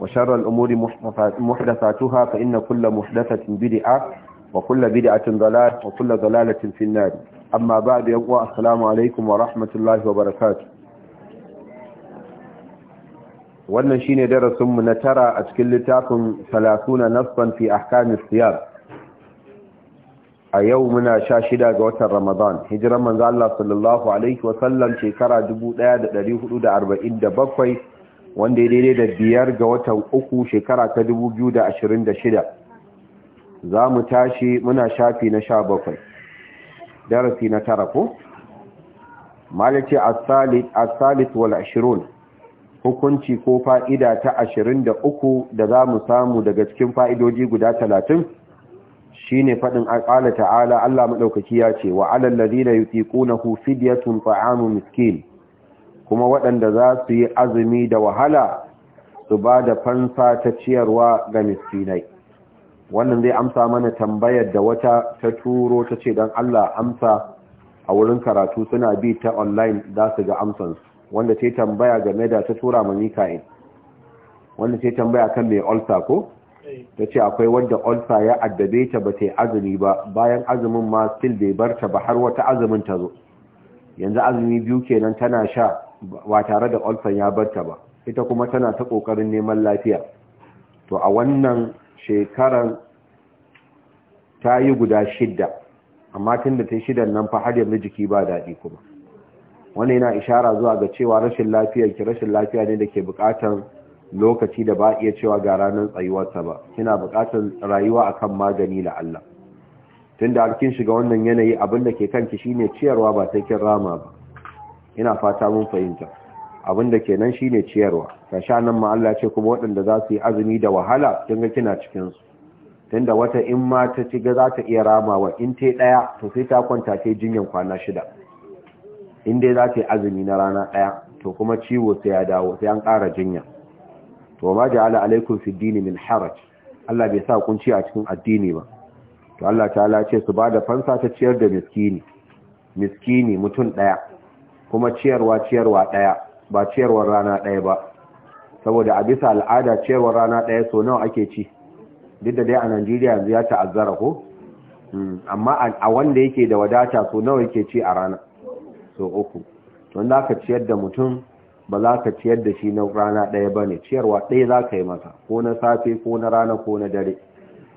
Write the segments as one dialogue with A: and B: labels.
A: وشر الأمور محدثاتها فإن كل محدثة بدعة وكل بدعة ضلالة وكل ضلالة في النار أما بعد يقوى السلام عليكم ورحمة الله وبركاته wannan shine darasinmu na tara a cikin littafin salasuna nasban fi ahkamis siyar. a yau muna sha shida ga watan Ramadan hijiran manzo Allah sallallahu alaihi wasallam shekara 1447 wanda ya daidai da biyar ga watan uku shekara ta 2026 za mu tashi muna shafi na sha bakwai darasi na tara ko? a asalit wal ashirin, hukunci ko fa'ida ta ashirin da uku da za mu samu daga cikin fa'idoji guda talatin shi ne faɗin al'ala Allah maɗaukaki ya ce wa alal da yuki hu fidiyatun fa'amu miskin kuma waɗanda za su yi azumi da wahala su ba da fansa ta ciyarwa ga miskinai wannan zai amsa mana tambayar da wata ta turo ta ce don Allah amsa a wurin karatu suna bi ta online za su ga amsansu wanda ce tambaya game da ta tura ma mika'in wanda ce tambaya kan mai olsa ko ta ce akwai wadda olsa ya addabe ta ba ta azumi ba bayan azumin ma still bai barta ba har wata azumin ta zo yanzu azumi biyu kenan tana sha ba tare da olson ya barta ba ita kuma tana ta ƙoƙarin neman lafiya to a wannan shekaran ta yi guda shidda amma tun da ta shidan nan fa har yanzu jiki ba daɗi kuma wani yana ishara zuwa ga cewa rashin lafiyar ki rashin lafiya ne da ke buƙatar lokaci da ba iya cewa ga ranar tsayuwarsa ba kina buƙatar rayuwa a kan magani la Allah tunda har kin shiga wannan yanayi abin da ke kanki shine ciyarwa ba sai kin rama ba ina fata mun fahimta abin da kenan shine ciyarwa ka sha nan ma Allah ce kuma waɗanda za su yi azumi da wahala kin ga kina cikin su tunda wata in ma ta ci ga za ta iya ramawa in te daya to sai ta kwanta ta jinyan kwana shida in dai za ta yi azumi na rana daya to kuma ciwo sai ya dawo sai an ƙara jinya to ma ja'ala alaikum fi dini min haraj Allah bai sa kunci a cikin addini ba to Allah ta'ala ce su bada fansa ta ciyar da miskini miskini mutum daya kuma ciyarwa ciyarwa daya ba ciyarwar rana ɗaya ba saboda a bisa al'ada ciyarwar rana daya so nawa ake ci duk da dai a najeriya yanzu ya ta'azzara ko hmm, amma a wanda yake da wadata so nawa yake ci a rana so uku to za ka ciyar da mutum ba za ka ciyar da shi na rana ɗaya ba ne ciyarwa ɗaya za ka yi masa ko na safe ko na rana ko na dare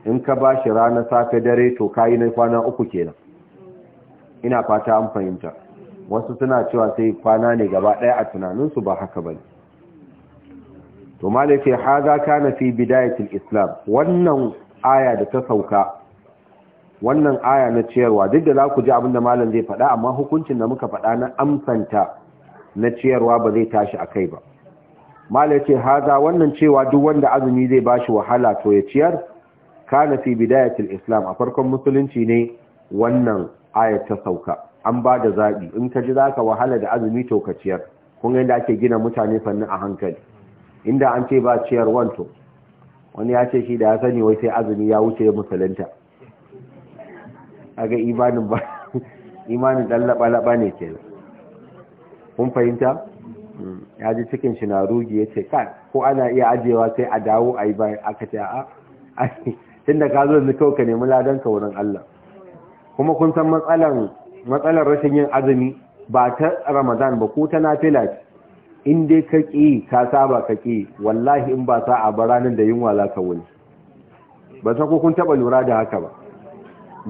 A: in ka ba shi rana safe dare to kayi na kwana uku kenan ina fata an fahimta wasu suna cewa sai kwana ne gaba ɗaya a tunaninsu ba haka ba to malafi haza kana fi bidayatul islam wannan aya da ta sauka wannan aya na ciyarwa duk da za ku ji abinda malam zai faɗa amma hukuncin da muka faɗa na amsanta na ciyarwa ba zai tashi a kai ba mala ce haza wannan cewa duk wanda azumi zai ba shi wahala to ya ciyar kana fi bidayatul islam a farkon musulunci ne wannan aya ta sauka an ba da zaɓi in ka ji za ka wahala da azumi to ka ciyar kun yadda ake gina mutane fannin a hankali inda an ce ba ciyar wanto wani ya ce shi da ya sani wai sai azumi ya wuce ya musulunta a ga imanin ba imanin ɗan laɓa-laɓa ne ke kun fahimta hmm. ya ji cikin shi na rugi ya ce ko ana iya ajiyewa sai a dawo a yi bayan aka ce a ka zo ka nemi ladan wurin Allah kuma kun san matsalan matsalar rashin yin azumi ba ta ramadan ba ko ta nafila ce in dai ka ƙi ka saba ka ƙi wallahi in ba sa ba baranin da yunwa za ka wuni ba sa kun taba lura da haka ba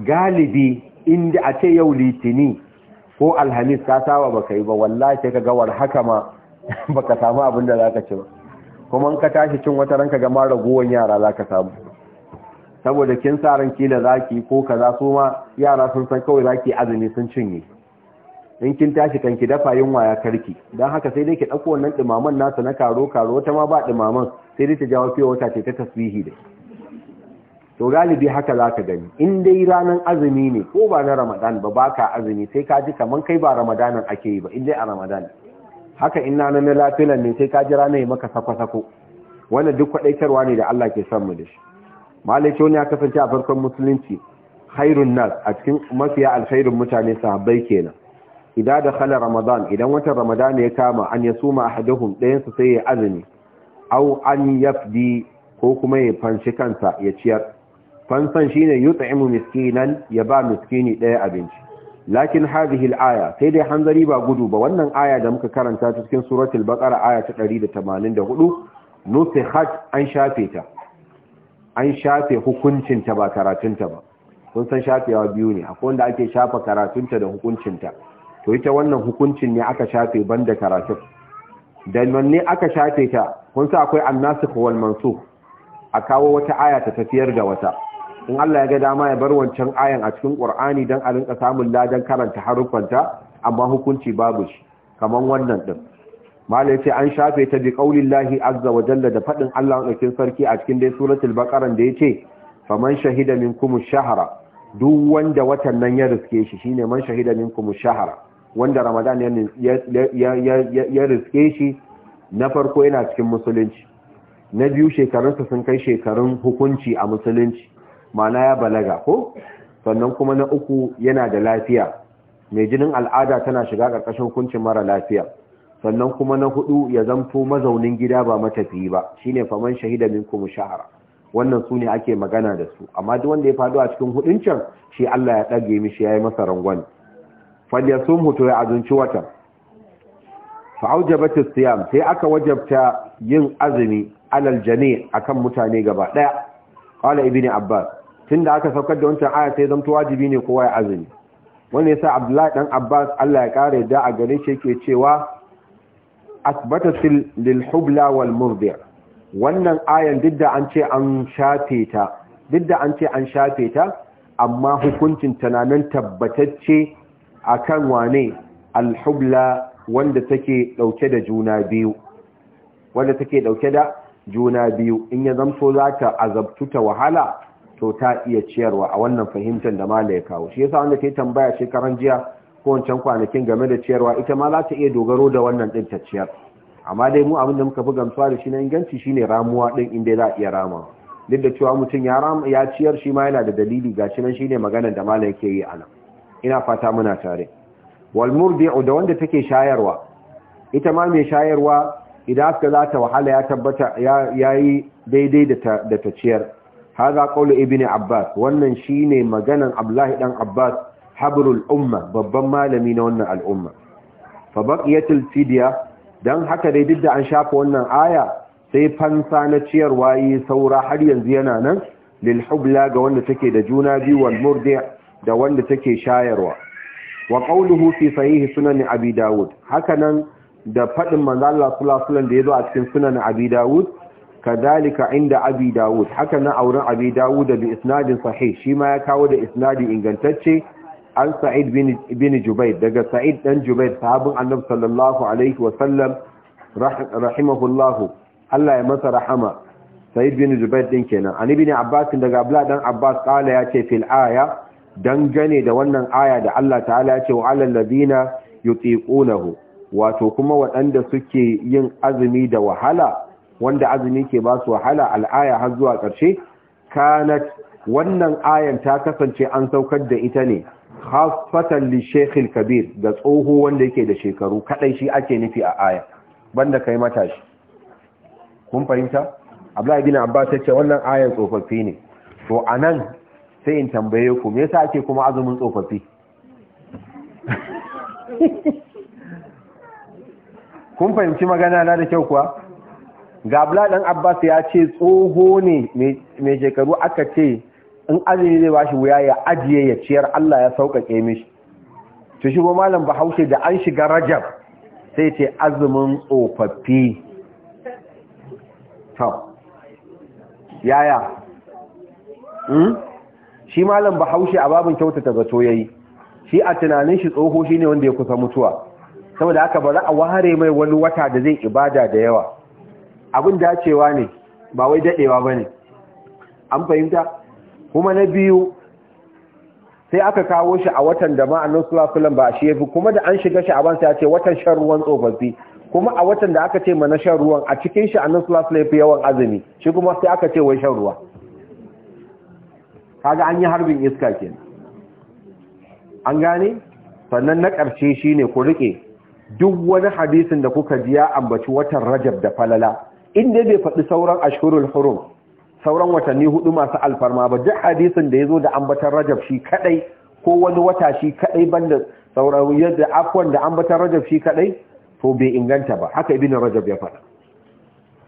A: galibi inda a ce yau litini ko alhamis ka saba ba ka ba wallahi sai ka gawar haka ma ba ka samu abin da za ka ci ba kuma in ka tashi cin wata ranka gama ragowar yara za ka samu saboda kin sa ran kila zaki ko kaza su ma yara sun san kawai zaki azumi sun cinye in kin tashi kan ki dafa yunwa ya karki dan haka sai dai ki dauko wannan dumaman nasa na karo karo wata ma ba dimaman sai dai ta jawo fiye wata ce ta tasbihi da to galibi haka zaka gani in dai ranan azumi ne ko ba na ramadan ba baka azumi sai ka ji kaman kai ba ramadanan ake yi ba in dai a ramadan haka in na na lafilan ne sai ka ji ranar maka sako sako wannan duk kwadaitarwa ne da Allah ke san mu da shi malaice wani ya kasance a farkon musulunci hairun nas a cikin mafiya alkhairun mutane sahabbai kenan idan da khala ramadan idan watan ramadan ya kama an ya suma ahaduhum dayan su sai ya azumi aw an yafdi ko kuma ya fanci kansa ya ciyar fansan shine yut'imu miskinan ya ba miskini daya abinci lakin hadhihi al-aya sai dai hanzari ba gudu ba wannan aya da muka karanta cikin suratul baqara aya ta 184 nusikhat an shafe ta an shafe hukuncinta ba karatunta ba kun san shafewa biyu ne akwai wanda ake shafa karatunta da hukuncinta to ita wannan hukuncin ne aka shafe banda karatun dan ne aka shafe ta kun sa akwai annasikh kowal mansu a kawo wata aya ta tafiyar da wata in Allah ya ga dama ya bar wancan ayan a cikin Qur'ani dan a rinka samun ladan karanta haruffanta amma hukunci babu shi kaman wannan din mala sai an shafe ta bi lahi azza wa jalla da fadin Allah madaukin sarki a cikin dai suratul baqara da yace faman shahida minkum ash-shahra duk wanda watan nan ya riske shi shine man shahida minkum ash-shahra wanda ramadan ya ya riske shi na farko yana cikin musulunci na biyu shekarunsa sun kai shekarun hukunci a musulunci mana ya balaga ko sannan kuma na uku yana da lafiya mai jinin al'ada tana shiga karkashin hukuncin mara lafiya sannan kuma na hudu ya zanto mazaunin gida ba matafiyi ba shine faman shahida minkum shahara wannan su ne ake magana da su amma duk wanda ya faɗo a cikin hudun can shi Allah ya ɗage mishi ya yi masa rangwani falyasum hutu ya azunci watan fa'aujabatu siyam sai aka wajabta yin azumi alal jami' akan mutane gaba daya qala ibnu abbas tunda aka saukar da wancan aya sai zanto wajibi ne kowa ya azumi wannan yasa abdullahi dan abbas Allah ya kare da a gare shi yake cewa asbatat lil hubla wal murdi' wannan ayan duk da an ce an shafe ta didda an ce an shafe ta amma hukuncin tananan tabbatacce akan wane al-hubla wanda take dauke da juna biyu wanda take dauke da juna biyu in ya zamto za ta azabtu ta wahala to ta iya ciyarwa a wannan fahimtar da mala ya kawo shi yasa wanda ta tambaya shekaran jiya ko kwanakin game da ciyarwa ita ma za ta iya dogaro da wannan ɗin ta ciyar amma dai mu abin da muka fi gamsuwa da shi na inganci shine ramuwa ɗin inda za a iya rama duk da cewa mutum ya ya ciyar shi ma yana da dalili ga shi nan shi ne maganar da malam yake yi ana ina fata muna tare wal murdi'u da wanda take shayarwa ita ma mai shayarwa idan aka za ta wahala ya tabbata ya yi daidai da ta ciyar haza qawlu ibni abbas wannan shine maganan abdullahi dan abbas habrul umma babban malami na wannan al'umma fa baqiyatul fidya dan haka dai duk da an shafa wannan aya sai fansa na ciyarwa yi saura har yanzu yana nan lil hubla ga wanda take da juna biyu wal murdi da wanda take shayarwa wa qawluhu fi sahih sunan abi daud haka nan da fadin manzo Allah sallallahu alaihi da yazo a cikin sunan abi daud kadalika inda abi daud haka nan auren abi daud da bi isnadin sahih shi ma ya kawo da isnadi ingantacce an sa'id bin jubair daga sa'id dan jubair sahabin annabi sallallahu alaihi wa sallam rahimahullahu Allah ya masa rahama sa'id bin jubair din kenan an ibn abbas daga abla dan abbas kala ya ce fil aya dangane da wannan aya da Allah ta'ala ya ce wa alal ladina yutiqunahu wato kuma waɗanda suke yin azumi da wahala wanda azumi ke ba su wahala al'aya har zuwa ƙarshe kanat wannan ayan ta kasance an saukar da ita ne khasfatan li shekhil kabir ga tsoho wanda yake da shekaru kadai shi ake nufi a aya banda kai matashi kun fahimta abdullahi bin abbas yace wannan aya tsofaffi ne to anan sai in tambaye ku me yasa ake kuma azumin tsofaffi kun fahimci magana na da kyau kuwa ga abdullahi dan abbas ya ce tsoho ne mai shekaru aka ce in azumi zai bashi wuya ya ajiye ya ciyar Allah ya sauƙaƙe mishi to shi malam bahaushe da an shiga rajab sai ce azumin tsofaffi to yaya hmm? shi malam bahaushe a babin kyautata zato yayi shi a tunanin shi tsoho shi ne wanda ya kusa mutuwa saboda haka ba za a ware mai wani wata da zai ibada da yawa abin dacewa ne ba wai dadewa bane an fahimta kuma na biyu sai aka kawo shi a watan da ma'anin sulafulan ba shi ya fi kuma da an shiga sha'aban sai ya ce watan shan ruwan tsofaffi kuma a watan da aka ce mana shan ruwan a cikin shi annan ya fi yawan azumi shi kuma sai aka ce wai shan ruwa kaga an yi harbin iska kenan an gane sannan na ƙarshe shi ne ku riƙe duk wani hadisin da kuka ji ya ambaci watan rajab da falala inda bai faɗi sauran ashhurul hurum sauran watanni hudu masu alfarma ba duk hadisin da ya zo da ambatar rajab shi kadai ko wani wata shi kadai banda sauran yadda afwan da ambatar rajab shi kadai to bai inganta ba haka ibn rajab ya faɗa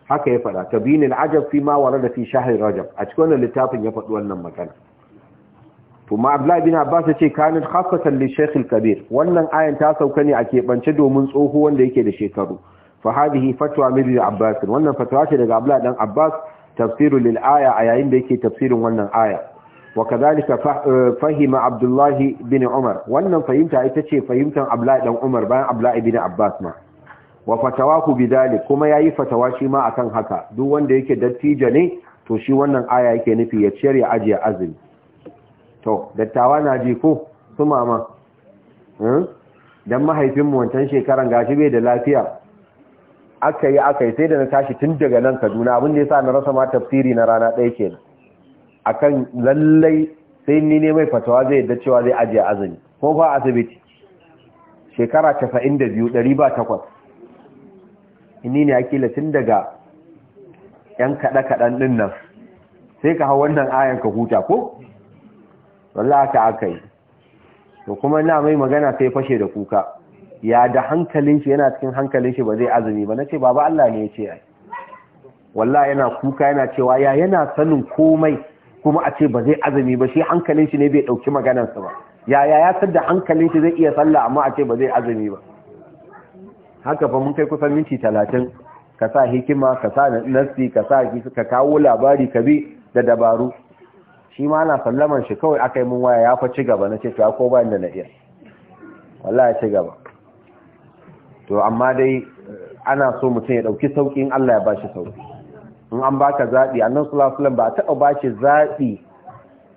A: haka ya faɗa tabinil ajab fi ma warada fi shahri rajab a cikin wannan littafin ya faɗi wannan magana to ma abdullahi bin abbas ya ce kana khassatan li shaykh al-kabir wannan ayan ta sauka ne a keɓance domin tsoho wanda yake da shekaru fa hadhihi fatwa min abbas wannan fatwa ce daga abdullahi dan abbas tafsiru lil aya a yayin da yake tafsirin wannan aya wa kadhalika eh, fahima abdullah bin umar wannan fahimta ita ce fahimtar abdullahi dan umar bayan abdullahi bin abbas ma wa fatawahu bidhalik kuma yayi fatawa shi ma akan haka duk wanda yake dattijo ne to shi wannan aya yake nufi ya ciyar ya ajiye azumi to dattawa na ji ko su mama hmm? dan mahaifinmu wancan shekaran gashi bai da lafiya aka yi aka yi sai da na tashi tun daga nan kaduna abin da ya sa na rasa ma tafsiri na rana ɗaya kenan akan lallai sai ni ne mai fatawa zai yadda cewa zai ajiye azumi ko ba asibiti shekara casa'in da biyu ɗari ba takwas ni ne akila tun daga yan kaɗe-kaɗen ɗin nan sai ka hau wannan ayan ka huta ko? wallah haka aka yi to kuma na mai magana sai fashe da kuka ya da hankalin shi yana cikin hankalin shi ba zai azumi ba nace baba Allah ne ya ce ai wallahi yana kuka yana cewa ya yana sanin komai kuma a ce ba zai azumi ba shi hankalin shi ne bai dauki maganar sa ba ya ya ya san da hankalin shi zai iya sallah amma a ce ba zai azumi ba haka fa mun kai kusan minti 30 ka sa hikima ka sa nasi ka sa ka kawo labari ka bi da dabaru shi ma ana sallaman shi kawai aka yi mun waya ya fa ci gaba na ce to ko ba inda na iya wallahi ci gaba to amma dai ana so mutum ya ɗauki sauki Allah ya bashi sauki in an baka zabi annabi sallallahu alaihi wasallam ba taba bashi zabi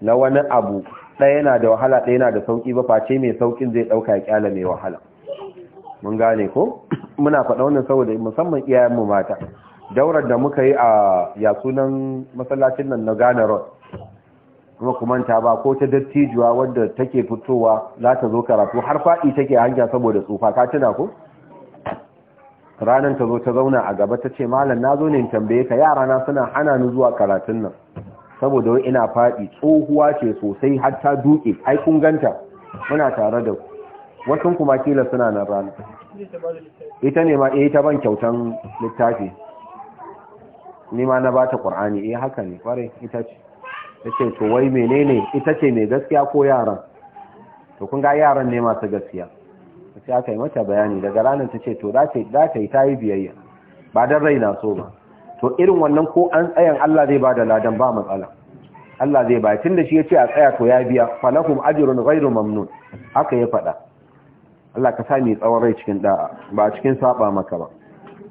A: na wani abu ɗaya yana da wahala ɗaya yana da sauƙi ba face mai sauƙin zai ɗauka ya ƙyala mai wahala mun gane ko muna faɗa wannan saboda musamman mu mata daurar da muka yi a yasunan masallacin nan na Ghana Road kuma kumanta ba ko ta dattijuwa wadda take fitowa za ta zo karatu har faɗi take hanya saboda tsufa ka tuna ko ranar ta zo ta zauna a gaba ta ce malam na zo ne in tambaye ka yara na suna hana ni zuwa karatun nan saboda wai ina faɗi tsohuwa ce sosai har ta duke ai kun ganta muna tare da wasu kuma kila suna nan rana ita ne ma eh ta ban kyautan littafi ni ma na bata qur'ani eh haka ne kware ita ce to wai menene ita ce mai gaskiya ko yaran to kun ga yaran ne masu gaskiya sai aka yi mata bayani daga ranar ta ce to za ta yi ta yi biyayya ba dan rai na so ba to irin wannan ko an tsayan Allah zai bada ladan ba matsala Allah zai ba Tunda shi ya ce a tsaya to ya biya falakum ajrun ghairu mamnun aka ya fada. Allah ka sami tsawon rai cikin da'a ba cikin saba maka ba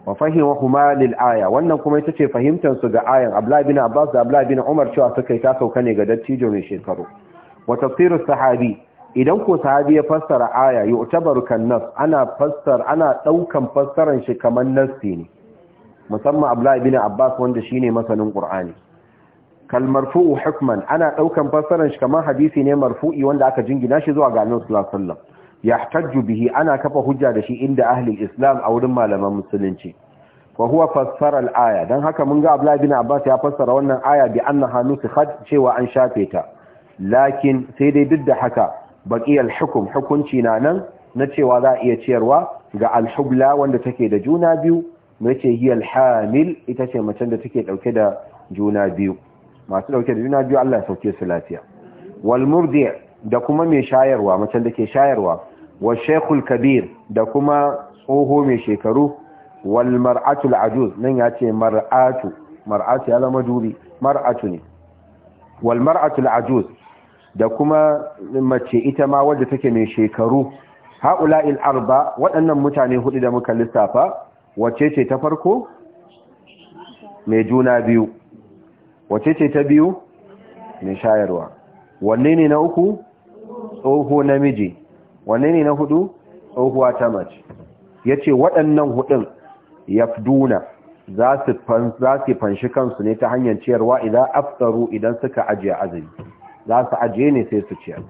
A: wa fahimu, huma lil aya wannan kuma ita ce fahimtar su ga ayan abla bin Abbas da abla bin Umar cewa suka yi ta sauka ne ga dattijo mai shekaru wa tafsirus sahabi idan ko sahabi ya fassara aya yu'tabaru kan nas ana fassar ana daukan fassaran shi kaman nassi ne musamman Abdullah ibn Abbas wanda shine masanin Qur'ani kal marfu'u hukman ana daukan fassaran shi kaman hadisi ne marfu'i wanda aka jingina shi zuwa ga Annabi sallallahu alaihi wasallam bihi ana kafa hujja da shi inda ahli islam a wurin malaman musulunci wa huwa fassara al-aya dan haka mun ga Abdullah ibn Abbas ya fassara wannan aya bi annaha nusikhat cewa an shafe ta lakin sai dai duk da haka baƙiyar hukum, hukunci na nan na cewa za a iya ciyarwa ga al wanda take da juna biyu mace ce al-hamil ita ce macen da take ɗauke da juna biyu masu ɗauke da juna biyu Allah ya sauke su lafiya walmurdi da kuma mai shayarwa macen da ke shayarwa wa shekul kabir da kuma tsoho mai shekaru walmar'atul ajuz nan ya ce mar'atu mar'atu ya zama juri mar'atu ne walmar'atul ajuz da kuma mace ita ma wadda take mai shekaru il arba waɗannan mutane hudu da muka lissafa wacce ce ta farko mai juna biyu wacce ce ta biyu mai shayarwa wanne ne na uku tsoho namiji wanne ne na hudu tsohuwa ta mace ya ce waɗannan hudun yafduna za su fanshi kansu ne ta hanyar ciyarwa idan aftaru idan suka ajiye azumi za su ajiye ne sai su ciyar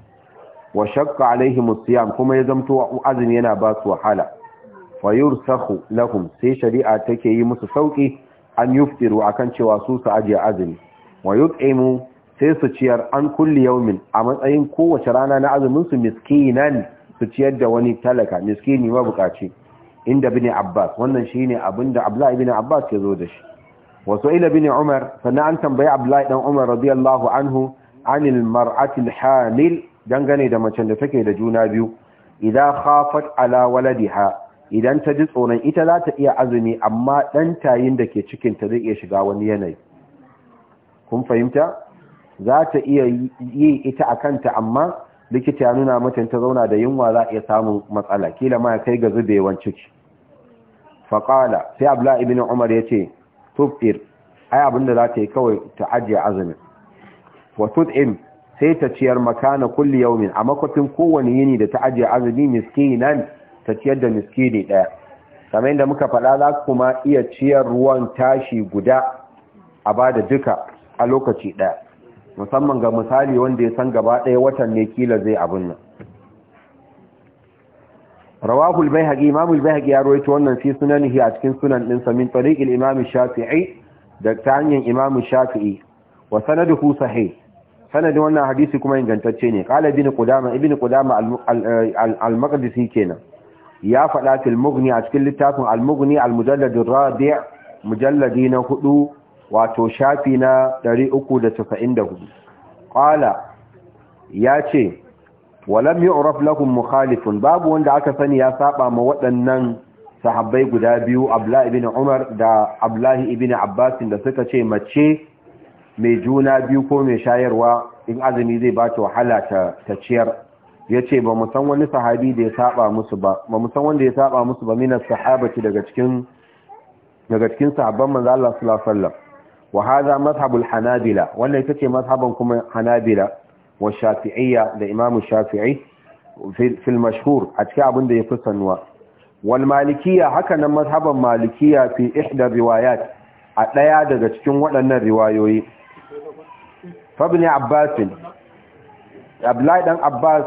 A: wa shakka alaihim siyam kuma ya zamto azumi yana ba su wahala fa yursakhu lahum sai shari'a take yi musu sauki an yuftiru akan cewa su su ajiye azumi wa yut'imu sai su ciyar an kulli yawmin a matsayin kowace rana na azumin su miskinan su ciyar da wani talaka miskini mabukaci inda bin Abbas wannan shine abinda Abdullah ibn Abbas ya zo da shi wasu ila bin Umar sannan an tambayi Abdullah dan Umar radiyallahu anhu anil mar'atil hamil dangane da macen da take da juna biyu idan khafat ala waladiha idan ta ji tsoron ita za ta iya azumi amma dan tayin da ke cikin ta zai iya shiga wani yanayi kun fahimta za ta iya yi ita a kanta amma likita ya nuna mata ta zauna da yunwa za a iya samun matsala kila ma kai ga zubewan ciki faqala sai abla ibn umar yace tufir ai abinda za ta yi kawai ta ajiye azumin wa tut'im sai ta ciyar makana kulli yawmin a makwafin kowane yini da ta ajiye azumi miskinan ta ciyar da miskini daya kamar da muka faɗa za kuma iya ciyar ruwan tashi guda a bada duka a lokaci daya musamman ga misali wanda ya san gaba ɗaya watan ne kila zai abin nan rawahul bayhaqi imamul bayhaqi ya rawaito wannan fi sunanihi a cikin sunan din samin tariqil imam shafi'i da ta hanyar Imamin shafi'i wa sanadin wannan hadisi kuma ingantacce ne qala ibn qudama ibn qudama al-maqdisi kenan ya faɗa fil mughni a cikin littafin al-mughni al-mujallad ar-rabi' mujalladi na 4 wato shafi na 394 qala yace walam yu'raf lakum mukhalifun babu wanda aka sani ya saba ma waɗannan sahabbai guda biyu abdullahi ibn umar da abdullahi ibn abbas da suka ce mace mai juna biyu ko mai shayarwa in azumi zai ba ta wahala ta ciyar ya ce ba mu san wani sahabi da ya saba musu ba ba mu san wanda ya saba musu ba minas sahabati daga cikin daga cikin sahabban manzo Allah sallallahu wa hanabila wannan ita ce madhhaban kuma hanabila wa shafi'iyya da imamu shafi'i fil mashhur a cikin abin da yafi sanuwa wal malikiyya haka nan madhhaban malikiya fi ihda riwayat a daya daga cikin waɗannan riwayoyi fabin abbasin abdullahi dan abbas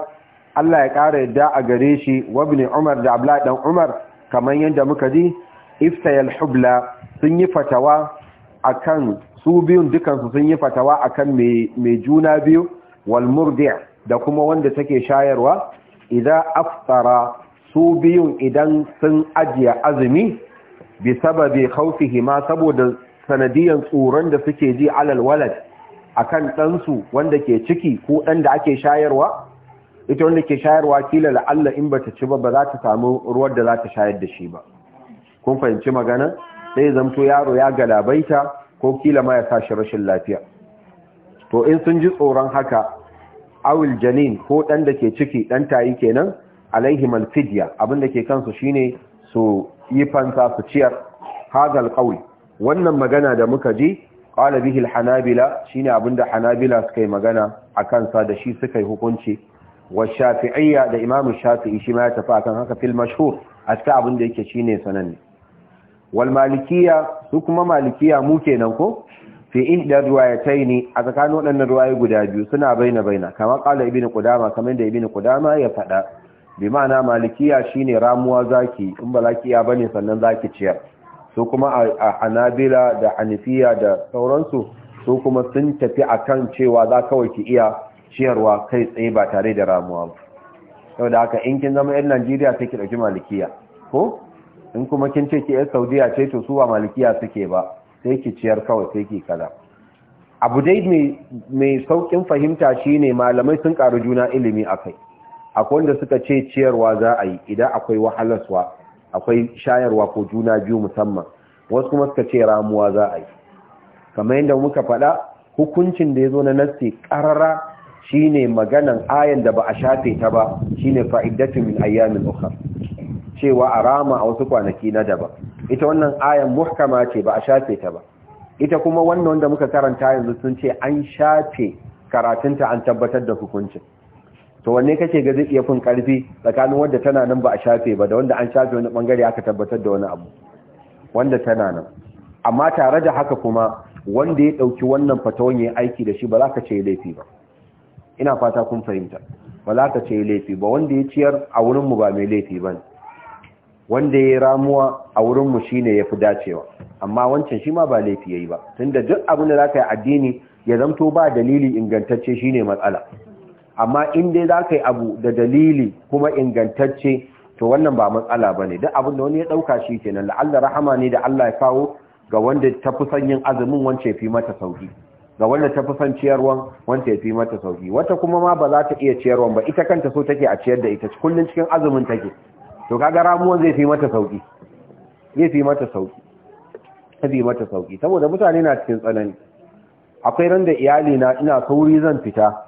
A: Allah ya ƙara yadda a gare shi wabin umar da abdullahi dan umar kamar yadda muka ji iftayal hubla sun yi fatawa akan su biyun dukansu sun yi fatawa akan mai juna biyu wal murdi' da kuma wanda take shayarwa idza aftara su biyun idan sun ajiye azumi bi sababi khawfihi ma saboda sanadiyan tsoron da suke ji alal walad akan ɗansu wanda ke ciki ko ɗan da ake shayarwa ita wanda ke shayarwa kila la'alla in bata ci ba ba za ta samu ruwan da za ta shayar da shi ba kun fahimci magana sai zamto yaro ya galabaita ko kila ma ya sashi rashin lafiya to in sun ji tsoron haka awil janin ko ɗan da ke ciki ɗan tayi kenan alaihim alfidya abin da ke kansu shine su yi fansa su ciyar hazal qawl wannan magana da muka ji qala bihi shi hanabila shine da hanabila suka yi magana a kansa da shi suka yi hukunci wa shafi'iyya da imamu shafi'i shi ma ya tafi akan haka fil mashhur a cikin abinda yake shine sananne wal malikiyya su kuma malikiya mu kenan ko fi inda ne a tsakanin waɗannan ruwaye guda biyu suna baina baina kamar kala ibnu qudama kamar da ibnu qudama ya faɗa bi ma'ana malikiya shine ramuwa zaki in ba zaki ya bane sannan zaki ciyar su kuma a hanabila da hanifiya da sauransu su kuma sun tafi a kan cewa za kawai ki iya ciyarwa kai tsaye ba tare da ramuwa ba Yau da haka in kin zama yan Najeriya sai ki ɗauki malikiya ko in kuma kin ce ki yan Saudiya ce to su ba malikiya suke ba sai ki ciyar kawai sai ki kaza abu dai mai saukin fahimta shine malamai sun karu juna ilimi akai akwai wanda suka ce ciyarwa za a yi idan akwai wahalarwa akwai shayarwa ko juna biyu musamman wasu kuma suka ce ramuwa za a yi kamar yadda muka faɗa hukuncin da ya zo na nassi ƙarara shine maganan ayan da ba a shafe ta ba shine fa'idatu min ayyamin cewa a rama a wasu kwanaki na daba. ita wannan ayan muhkama ce ba a shafe ta ba ita kuma wannan wanda muka karanta yanzu sun ce an shafe karatunta an tabbatar da hukuncin to wanne kake ga zai iya fin karfi tsakanin wanda tana nan ba a shafe ba da wanda an shafe wani bangare aka tabbatar da wani abu wanda tana nan amma tare da haka kuma wanda ya dauki wannan fatawon yayin aiki da shi ba za ka ce laifi ba ina fata kun fahimta ba za ka ce laifi ba wanda ya ciyar a wurin mu ba mai laifi ba wanda ya ramuwa a wurin mu shine yafi dacewa amma wancan shi ma ba laifi yayi ba tunda duk abin da za ka yi addini ya zamto ba dalili ingantacce shine matsala amma in dai za ka yi abu da dalili kuma ingantacce to wannan ba matsala ba ne duk abin da wani ya ɗauka shi nan la'allar rahama ne da Allah ya kawo ga wanda ta fi son yin azumin wance fi mata sauki ga wanda ta fi son ciyarwan wancan ya fi mata sauki wata kuma ma ba za ta iya ciyarwan ba ita kanta so take a ciyar da ita kullum cikin azumin take to kaga ramuwan zai fi mata sauki zai fi mata sauki ta fi mata sauki saboda mutane na cikin tsanani akwai ran da iyali na ina sauri zan fita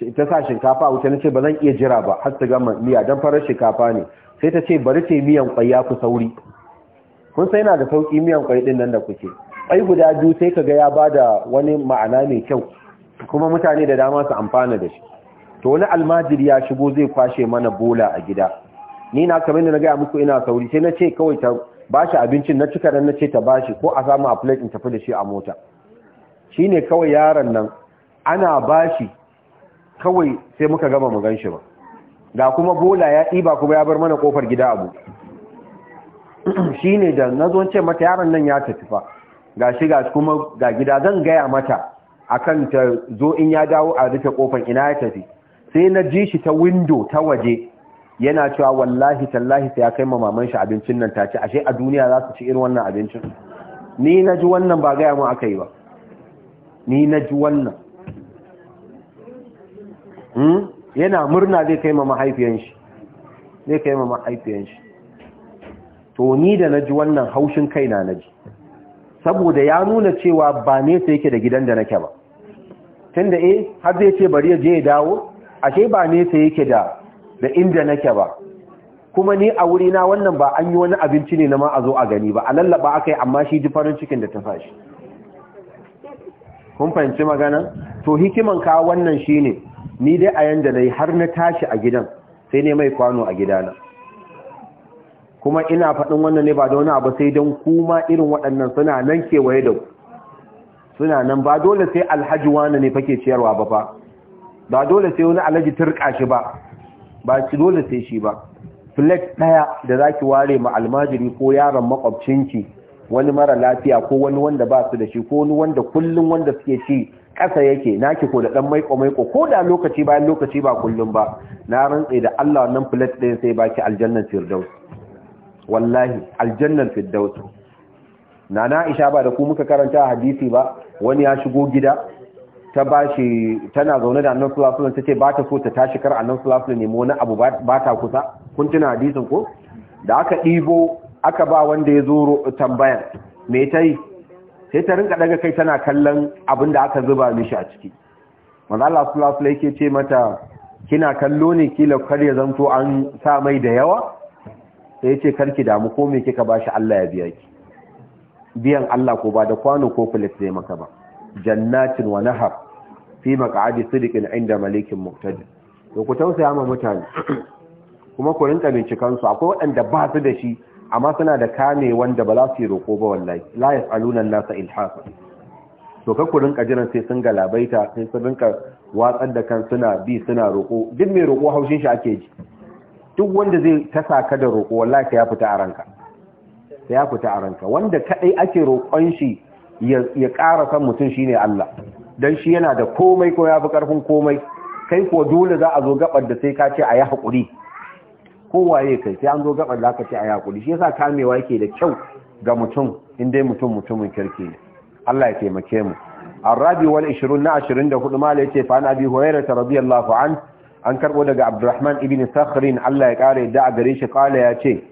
A: sai ta sa shinkafa a wuta na ce ba zan iya jira ba har ta gama miya don farar shinkafa ne sai ta ce bari ce miyan kwai ya ku sauri kun sai na da sauki miyan kwai din nan da kuke kwai guda biyu sai ka ga ya ba da wani ma'ana mai kyau kuma mutane da dama su amfana da shi to wani almajiri ya shigo zai kwashe mana bola a gida ni na kamar da na gaya muku ina sauri sai na ce kawai ta bashi abincin na cika dan na ce ta bashi ko a samu a plate in tafi da shi a mota shine kawai yaron nan ana bashi kawai sai muka gama mu gan shi ba ga kuma bola ya ɗiba kuma ya bar mana kofar gida abu shine da na zo ce mata yaron nan ya tafi fa shi ga kuma ga gida zan gaya mata akan ta zo in ya dawo a rufe kofar ina ya tafi sai na ji shi ta window ta waje yana cewa wallahi tallahi sai ya kai ma maman shi abincin nan ta ce. ashe a duniya za su ci irin wannan abincin ni na ji wannan ba gaya mu aka yi ba ni na ji wannan Hmm? yana murna zai kai ma mahaifiyan shi zai kai ma mahaifiyan to ni da naji wannan haushin kai na naji saboda ya nuna cewa ba nesa yake da gidan da nake ba tunda eh har zai ce bari ya je ya dawo ashe ba sai yake da da inda nake ba kuma ni a wuri na wannan ba an yi wani abinci ne na ma a zo a gani ba a lallaba aka yi amma shi ji farin cikin da ta fashi kun fahimci magana to hikiman ka wannan shine ni dai a yanda na yi har na tashi a gidan sai ne mai kwano a gidana kuma ina faɗin wannan ne ba da wani abu sai don kuma irin waɗannan suna nan kewaye da suna nan ba dole sai alhaji wani ne fake ciyarwa ba fa ba dole sai wani alhaji turka shi ba ba dole sai shi ba flake ɗaya da za ki ware ma almajiri ko yaron makwabcinki wani mara lafiya ko wani wanda ba su da shi ko wani wanda kullum wanda suke ci ƙasa yake naki ko da ɗan maiko maiko ko da lokaci bayan lokaci ba kullum ba na rantse da Allah wannan filet ɗin sai baki aljannan firdaus wallahi aljannan firdaus na na isha ba da ku muka karanta hadisi ba wani ya shigo gida ta bashi tana zaune da annan sallallahu ta ce bata ba ta so ta tashi kar annan sallallahu alaihi wani abu ba ta kusa kun tuna hadisin ko da aka ɗibo aka ba wanda ya zo tambayan me ta yi sai ta rinka daga kai tana kallon abin da aka zuba mishi a ciki wanda Allah su lafi laike ce mata kina kallo ne kila kar ya zanto an sa mai da yawa sai yace karki damu ko me kika bashi Allah ya biya ki biyan Allah ko ba da kwano ko plate zai maka ba jannatin wa nahar fi maq'adi sidiqin inda malikin Muktadi. to ku tausaya ma mutane kuma ku rinka bincikansu, akwai waɗanda ba su da shi amma suna da kame wanda ba za su yi roƙo ba wallahi la yas'aluna nasa ilhafa to ka kurin jiran sai sun galabaita sai sun rinka watsar da kan suna bi suna roƙo duk mai roƙo haushin shi ake ji duk wanda zai ta saka da roƙo wallahi ka ya fita a ranka ka ya fita a ranka wanda kadai ake roƙon shi ya ƙara san mutum shine Allah dan shi yana da komai ko ya fi ƙarfin komai kai ko dole za a zo gabar da sai ka ce a yi haƙuri kowaye kai sai an zo gabar da ce a yakuri shi yasa kamewa yake da kyau ga mutum in dai mutum mutumin kirki ne Allah ya taimake mu arabi wal 20 na 24 mala yace fa nabi hurairah radiyallahu an an karbo daga abdurrahman ibn sakhrin Allah ya kare da a gare shi kala yace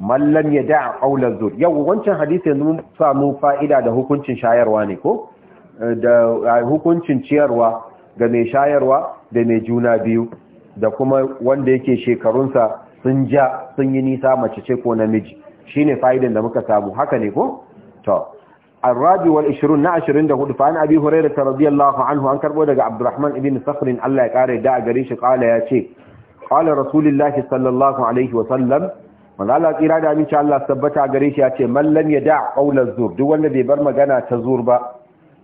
A: man lam yada' qawla zur yau wancan hadisi mun samu fa'ida da hukuncin shayarwa ne ko da hukuncin ciyarwa ga mai shayarwa da mai juna biyu da kuma wanda yake shekarunsa sun ja sun yi nisa mace ce ko namiji Shi ne fa'idan da muka samu haka ne ko to ar-rabi na 24 fa an abi hurairah radiyallahu anhu an karbo daga abdurrahman ibn safr Allah ya kare da gare shi qala ya ce qala rasulullah sallallahu alaihi wa sallam wanda Allah kira da amince Allah tabbata gare shi ya ce mallam ya yada qawla zur duk wanda bai bar magana ta zur ba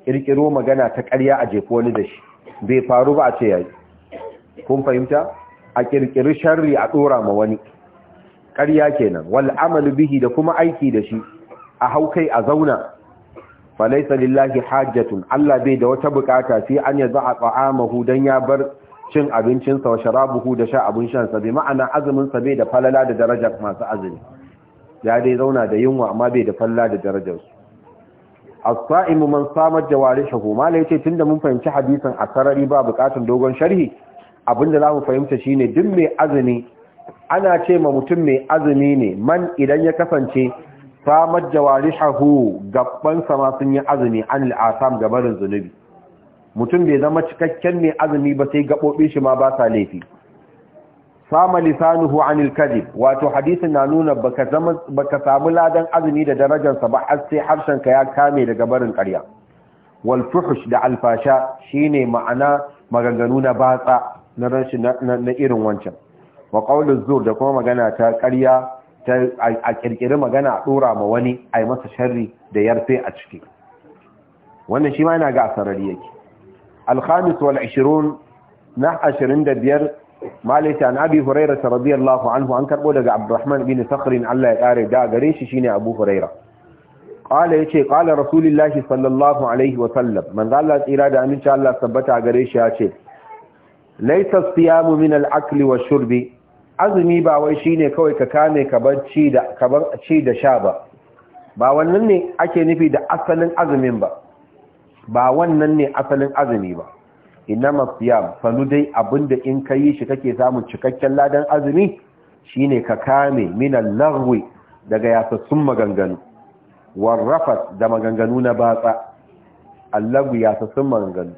A: ƙirƙiro magana ta ƙarya a jefo wani da shi bai faru ba a ce yayi kun fahimta a kirkiri sharri a dora ma wani ƙarya kenan wal amalu bihi da kuma aiki da shi a haukai a zauna falaisa lillahi hajjatun Allah bai da wata bukata sai an ya za'a ta'amahu dan ya bar cin abincinsa wa sharabuhu da sha abun shan sa bai ma'ana azumin sa bai da falala da darajar masu azumi ya dai zauna da yunwa amma bai da falala da darajar su as-sa'imu man samat jawarihuhu mala yace tunda mun fahimci hadisin a sarari ba bukatun dogon sharhi abinda za mu fahimta shine duk mai azumi ana ce ma mutum mai azumi ne man idan ya kasance famar jawarihahu gabansa ma sun yi azumi an al'asam gabarin zunubi mutum bai zama cikakken mai azumi ba sai gaɓoɓi shi ma ba sa laifi sama lisanuhu anil wato hadisin na nuna baka samu ladan azumi da darajarsa ba har sai harshen ka ya kame daga barin karya. wal da alfasha shine ma'ana maganganu na batsa na rashi na irin wancan wa qauluz zur da kuma magana ta ƙarya ta a kirkiri magana a dora ma wani ai masa sharri da yarfe a ciki wannan shi ma yana ga sarari yake al-khamis wal 20 na 25 malaita an abi hurairah radiyallahu anhu an karbo daga abdurrahman bin Sakarin Allah ya kare da gare shi shine abu hurairah qala yace qala rasulullahi sallallahu alaihi wa sallam man tsira da aminci Allah sabbata gare shi ya ce laisa siyamu min al-akli wa shurbi azumi ba wai shine kawai ka kame ka bar ci da ka bar ci da sha ba ba wannan ne ake nufi da asalin azumin ba ba wannan ne asalin azumi ba inama siyam sanu dai abinda in ka yi shi kake samun cikakken ladan azumi shine ka kame al-lagwi daga yasassun maganganu warrafat da maganganu na batsa allahu yasassun maganganu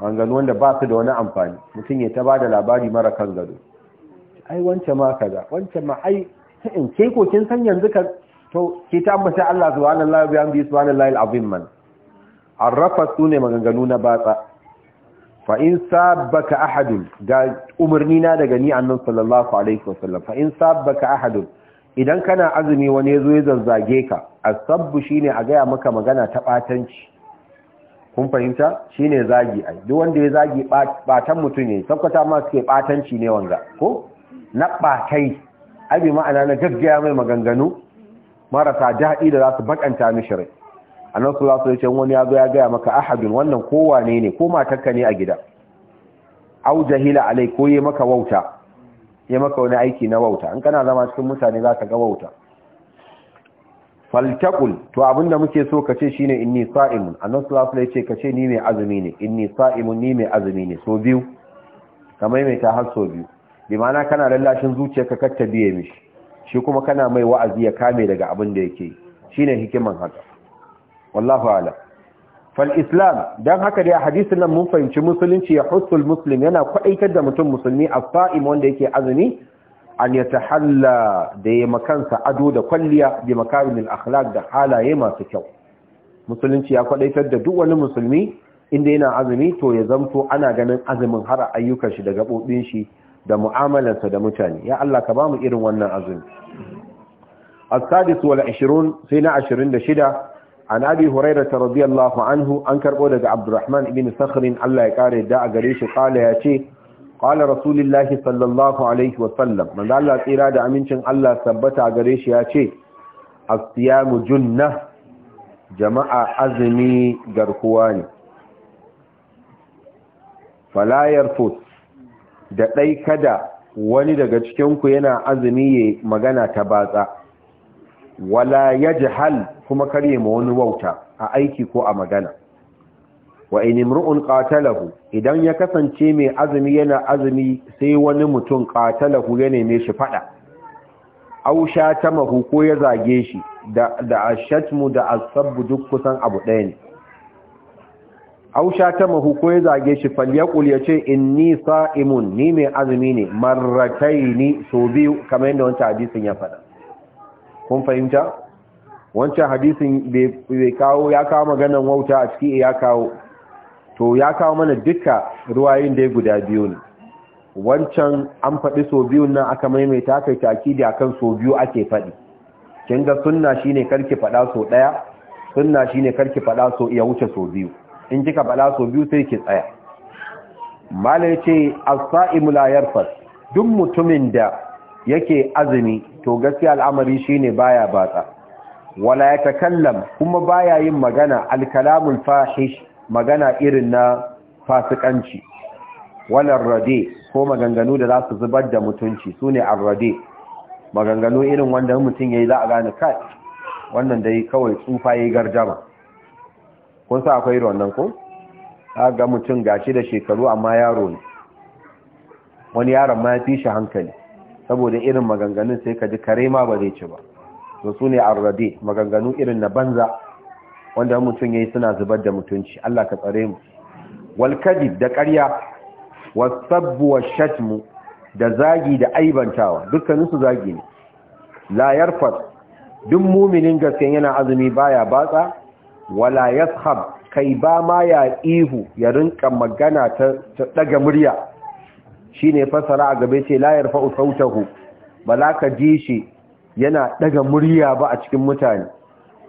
A: wangano wanda ba su da wani amfani mutum ya ta ba da labari mara kan gado ai wance ma kaza wance ma ai in ke ko kin san yanzu ka to ke ta ambata Allah subhanahu wa bihamdihi subhanallahi alazim man arrafa sunne maganganu na batsa fa in sabbaka ahadun ga umurni na daga ni annabi sallallahu alaihi wasallam fa in sabbaka ahadun idan kana azumi wani yazo ya zazzage ka asabbu shine a ga maka magana ta batanci kun fahimta shine zagi ai duk wanda ya zagi batan mutum ne tabbata ma suke batanci ne wanga ko na batai ai ma'ana na gaggaya mai maganganu marasa daɗi da za su bakanta ni rai annabi sallallahu alaihi wasallam wani ya zo ya gaya maka Ahadin wannan kowa ne ne? ko matarka ne a gida au jahila alai ko yi maka ya maka wani aiki na wauta in kana zama cikin mutane za ga wauta faltaqul to abinda muke so kace shine inni sa'imun annabi sallallahu alaihi wasallam kace ni mai azumi ne inni sa'imun ni mai azumi ne so biyu kamar mai ta har so biyu bi ma'ana kana lallashin ka katta biye mishi shi kuma kana mai wa'azi ya kame daga abin da yake shine hikiman haka wallahu Ala, fal islam dan haka dai hadisin nan mun fahimci musulunci ya hussul muslim yana kwadaitar da mutum musulmi as-sa'im wanda yake azumi an halla da ya makansa ado da kwalliya bi makarimil akhlaq da halaye masu kyau musulunci ya kwadaitar da duk wani musulmi inda yana azumi to ya zamto ana ganin azumin har ayyukan shi daga bobin shi da mu'amalarsa da mutane ya Allah ka bamu irin wannan azumi as sadisu wal 20 sai na 26 an abi ta radiyallahu anhu an karbo daga abdurrahman ibn sakhr Allah ya kare da a gare shi qala ya ce qala rasulullahi sallallahu alaihi wa sallam manzo Allah tsira da amincin Allah tabbata gare shi ya ce as junna jama'a azumi garkuwa ne fala yarfut da ɗai kada wani daga cikin ku yana azumi ya magana ta batsa wala yajhal kuma karye ma wani wauta a aiki ko a magana wa in imru'un qatalahu idan ya kasance mai azumi yana azumi sai wani mutum qatalahu ya neme shi fada aw shatamahu ko ya zage shi da da ashatmu da asabbu duk kusan abu ɗaya ne aw shatamahu ko ya zage shi falyaqul yace inni sa'imun ni mai azumi ne marrataini so biyu kamar yadda wancan hadisin ya faɗa kun fahimta wancan hadisin bai kawo ya kawo maganan wauta a ciki ya kawo to ya kawo mana duka ruwayin da ya guda biyu ne wancan an faɗi so biyun nan aka maimaita aka yi takidi akan so biyu ake faɗi kin ga sunna shine karki faɗa so ɗaya sunna shine karki faɗa so ya wuce so biyu in kika faɗa so biyu sai ki tsaya mala yace as-sa'imu la yarfas duk mutumin da yake azumi to gaskiya al'amari shine baya batsa wala takallam kuma baya yin magana al-kalamul fahish magana irin na fasikanci wannan rade ko maganganu da za su zubar da mutunci su ne arrade maganganu irin wanda mutum ya yi za a gane kai wannan dai kawai tsufa ya yi gardama kun sa akwai wannan ko? ga mutum gashi da shekaru amma yaro ne wani yaron ma ya fi shi hankali saboda irin maganganun sai ka ji kare ma ba zai ci ba to su ne arrade maganganu irin na banza wanda mutum yayi suna zubar da mutunci Allah ka tsare mu wal kadib da ƙarya wasabbu washatmu da zagi da aibantawa dukkanin su zagi ne la yarfas duk muminin gaskiya yana azumi baya batsa wala yashab kai ba ma ya ihu ya rinka magana ta daga murya shine fasara a gabe ce la yarfa sautahu bala ka ji shi yana daga murya ba a cikin mutane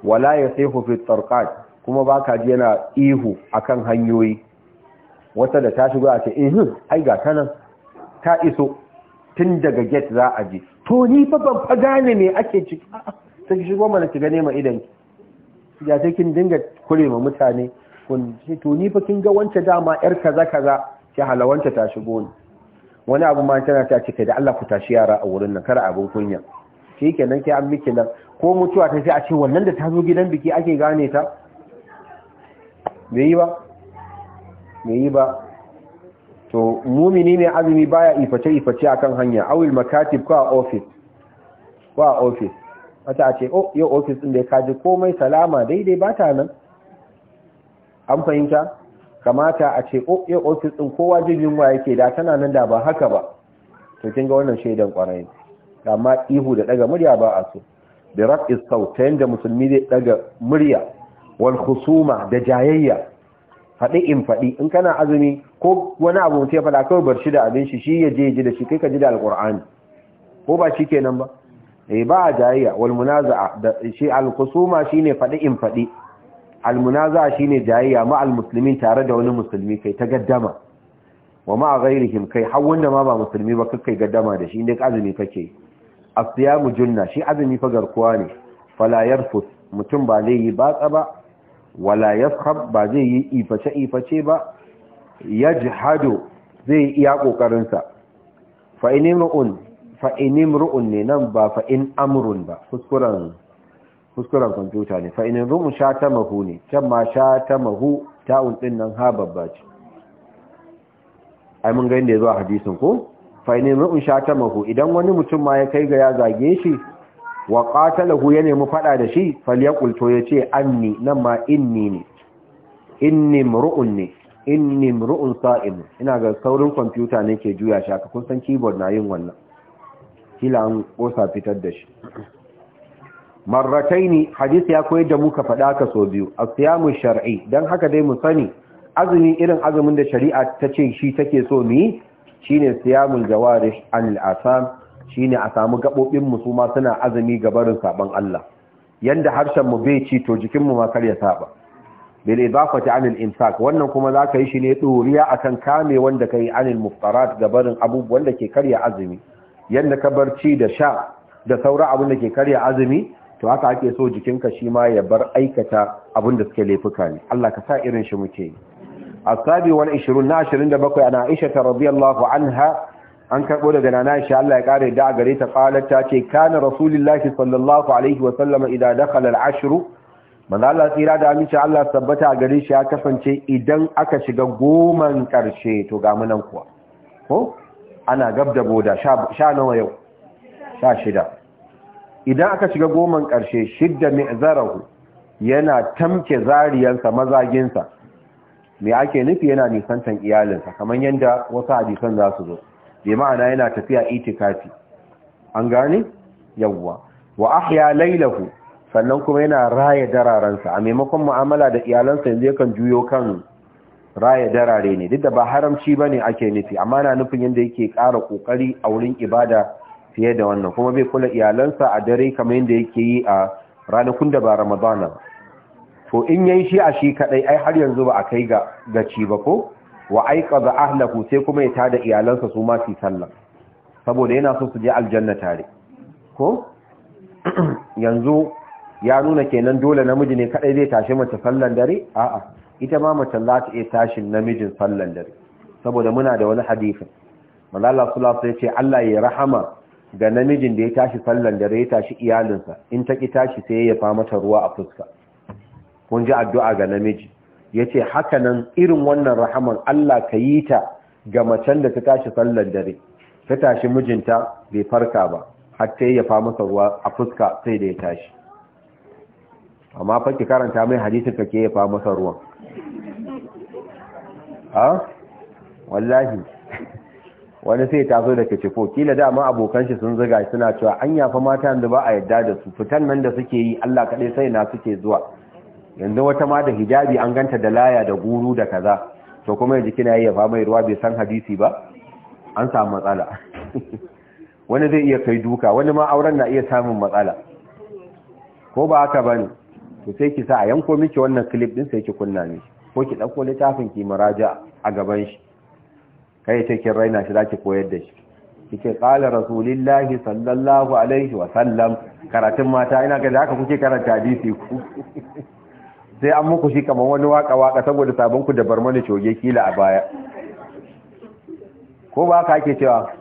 A: wala ya sai hufi tsarkat kuma ba ka ji yana ihu akan hanyoyi wata da ta shiga a ce ihu eh, ai ga ta nan ta iso tun daga get za a ji to ni fa ban gane me ake ciki ta shigo mana ki gane ma idan ya sai kin dinga kure ma mutane kun shi to ni fa kin ga wance dama yar kaza kaza ki halawanta ta shigo ni wani abu ma tana ta cika da Allah ku tashi yara a wurin nan kar abin kunya shikenan ki an miki nan ko mutuwa ta sai a ce wannan da ta zo gidan biki ake gane ta me yi ba me yi ba to mumini ne azumi baya iface iface akan hanya awil makatib ko a ofis? ko a ofis? wata a ce oh yau ofis inda ya kaji komai salama daidai ba ta nan an fahimta kamata a ce oh yau ofis din kowa jirgin wa yake da tana nan da ba haka ba to kin ga wannan shaidan kwarai amma ihu da ɗaga murya ba a so da raf'is sau ta yadda musulmi zai daga murya wal khusuma da jayayya faɗi in faɗi in kana azumi ko wani abu mutum ya faɗa kawai bar shi da abin shi shi ya je ji da shi kai ka ji da alƙur'ani ko ba shi kenan ba eh ba jayayya wal munaza'a da shi al khusuma shine faɗi in faɗi al munaza'a shine jayayya ma al muslimin tare da wani musulmi kai ta gaddama wa ma ghairihim kai har wanda ma ba musulmi ba kai gaddama da shi inda azumi kake yi asiyamu junna shi azumi fa garkuwa ne fala yarfus mutum ba zai yi batsa ba wala yafhab ba zai yi iface iface ba yajhadu zai yi iya kokarin sa fa inimru'un fa inimru'un ne nan ba fa in amrun ba kuskuren kuskuren kwamfuta ne fa inimru'un sha ta mahu ne can ma sha ta mahu ta'un din nan ha babba ai mun ga inda ya zo a hadisin ko fa ne mun mahu idan wani mutum ma ya kai ga ya zage shi wa qatalahu ya nemi fada da shi falyaqul to yace anni nan ma inni ne inni mru'un ne inni mru'un sa'im ina ga saurin computer nake juya shi aka kun san keyboard na yin wannan kila an kosa fitar da shi marrataini hadisi ya koyar da muka faɗa ka so biyu asiyamu shar'i dan haka dai mu sani azumi irin azumin da shari'a ta ce shi take so mu shine siyamul jawarish anil asam shine a samu gabobin mu su ma suna azumi ga barin sabon Allah Yadda harshen mu bai ci to jikinmu mu ma kar ya saba bil idafati anil imsak wannan kuma zaka yi shi ne doriya akan kame wanda kai anil muftarat ga barin abubuwan da ke karya azumi yanda ka bar ci da sha da saura abin da ke karya azumi to haka ake so jikinka shi ma ya bar aikata abin da suke laifuka ne Allah ka sa irin shi muke yi asabi wal 20 na 27 ana Aisha radiyallahu anha an karbo da nana Aisha Allah ya kare da gare ta qalat ta ce kana rasulullahi sallallahu alaihi wa sallam idan dakhala al ashru manzo Allah tsira da aminci Allah tabbata gare shi ya kasance idan aka shiga goman karshe to ga nan kuwa ko ana gab da boda sha nawa yau sha shida idan aka shiga goman ƙarshe shidda mai zarahu yana tamke zariyansa mazaginsa me ake nufi yana nisantan iyalinsa kamar yadda wasu hadisan za su zo bai ma'ana yana tafiya itikafi an gane yawwa wa ahya lailahu sannan kuma yana raya dararensa. a maimakon mu'amala da iyalansa yanzu yakan juyo kan raya darare ne duk da ba haramci ba ne ake nufi amma na nufin yadda yake ƙara kokari a wurin ibada fiye da wannan kuma bai kula iyalansa a dare kamar yadda yake yi a ranakun da ba ramadana ba to in yayi shi a shi kadai ai har yanzu ba a kai ga gaci ba ko wa aiqadha ahlahu sai kuma ya tada iyalansa su ma su sallah saboda yana so su je aljanna tare ko yanzu ya nuna kenan dole namiji ne kadai zai tashi mace sallan dare a'a ita ma mace za ta iya tashin namijin sallan dare saboda muna da wani hadisi malala sulasa ya ce Allah ya rahama ga namijin da ya tashi sallan dare ya tashi iyalinsa in ta ki tashi sai ya fa mata ruwa a fuska kun ji addu'a ga namiji yace haka nan irin wannan rahaman Allah ka yi ta ga macen da ta tashi sallar dare ta tashi mijinta bai farka ba har ta fa masa ruwa a fuska sai da ya tashi amma fa ki karanta mai hadisin ka ke fa masa ruwan ha wallahi wani sai ta zo da kacifo kila dama abokan shi sun zuga suna cewa an yafa mata da ba a yadda da su fitan nan da suke yi Allah kaɗai sai na suke zuwa yanzu wata ma da hijabi an ganta da laya da guru da kaza to kuma yanzu kina iya mai ruwa bai san hadisi ba an samu matsala wani zai iya kai duka wani ma auren na iya samun matsala ko ba haka bane to sai ki sa a yanko miki wannan clip din sai ki kunna ne ko ki dauko littafin ki muraja a gaban shi kai ce kin raina shi zaki koyar da shi kike qala rasulillahi sallallahu alaihi wa sallam karatun mata ina ga da haka kuke karanta hadisi ku sai an muku shi kamar wani waka-waka saboda sabon ku da barmani coge kila a baya ko ba ka ake cewa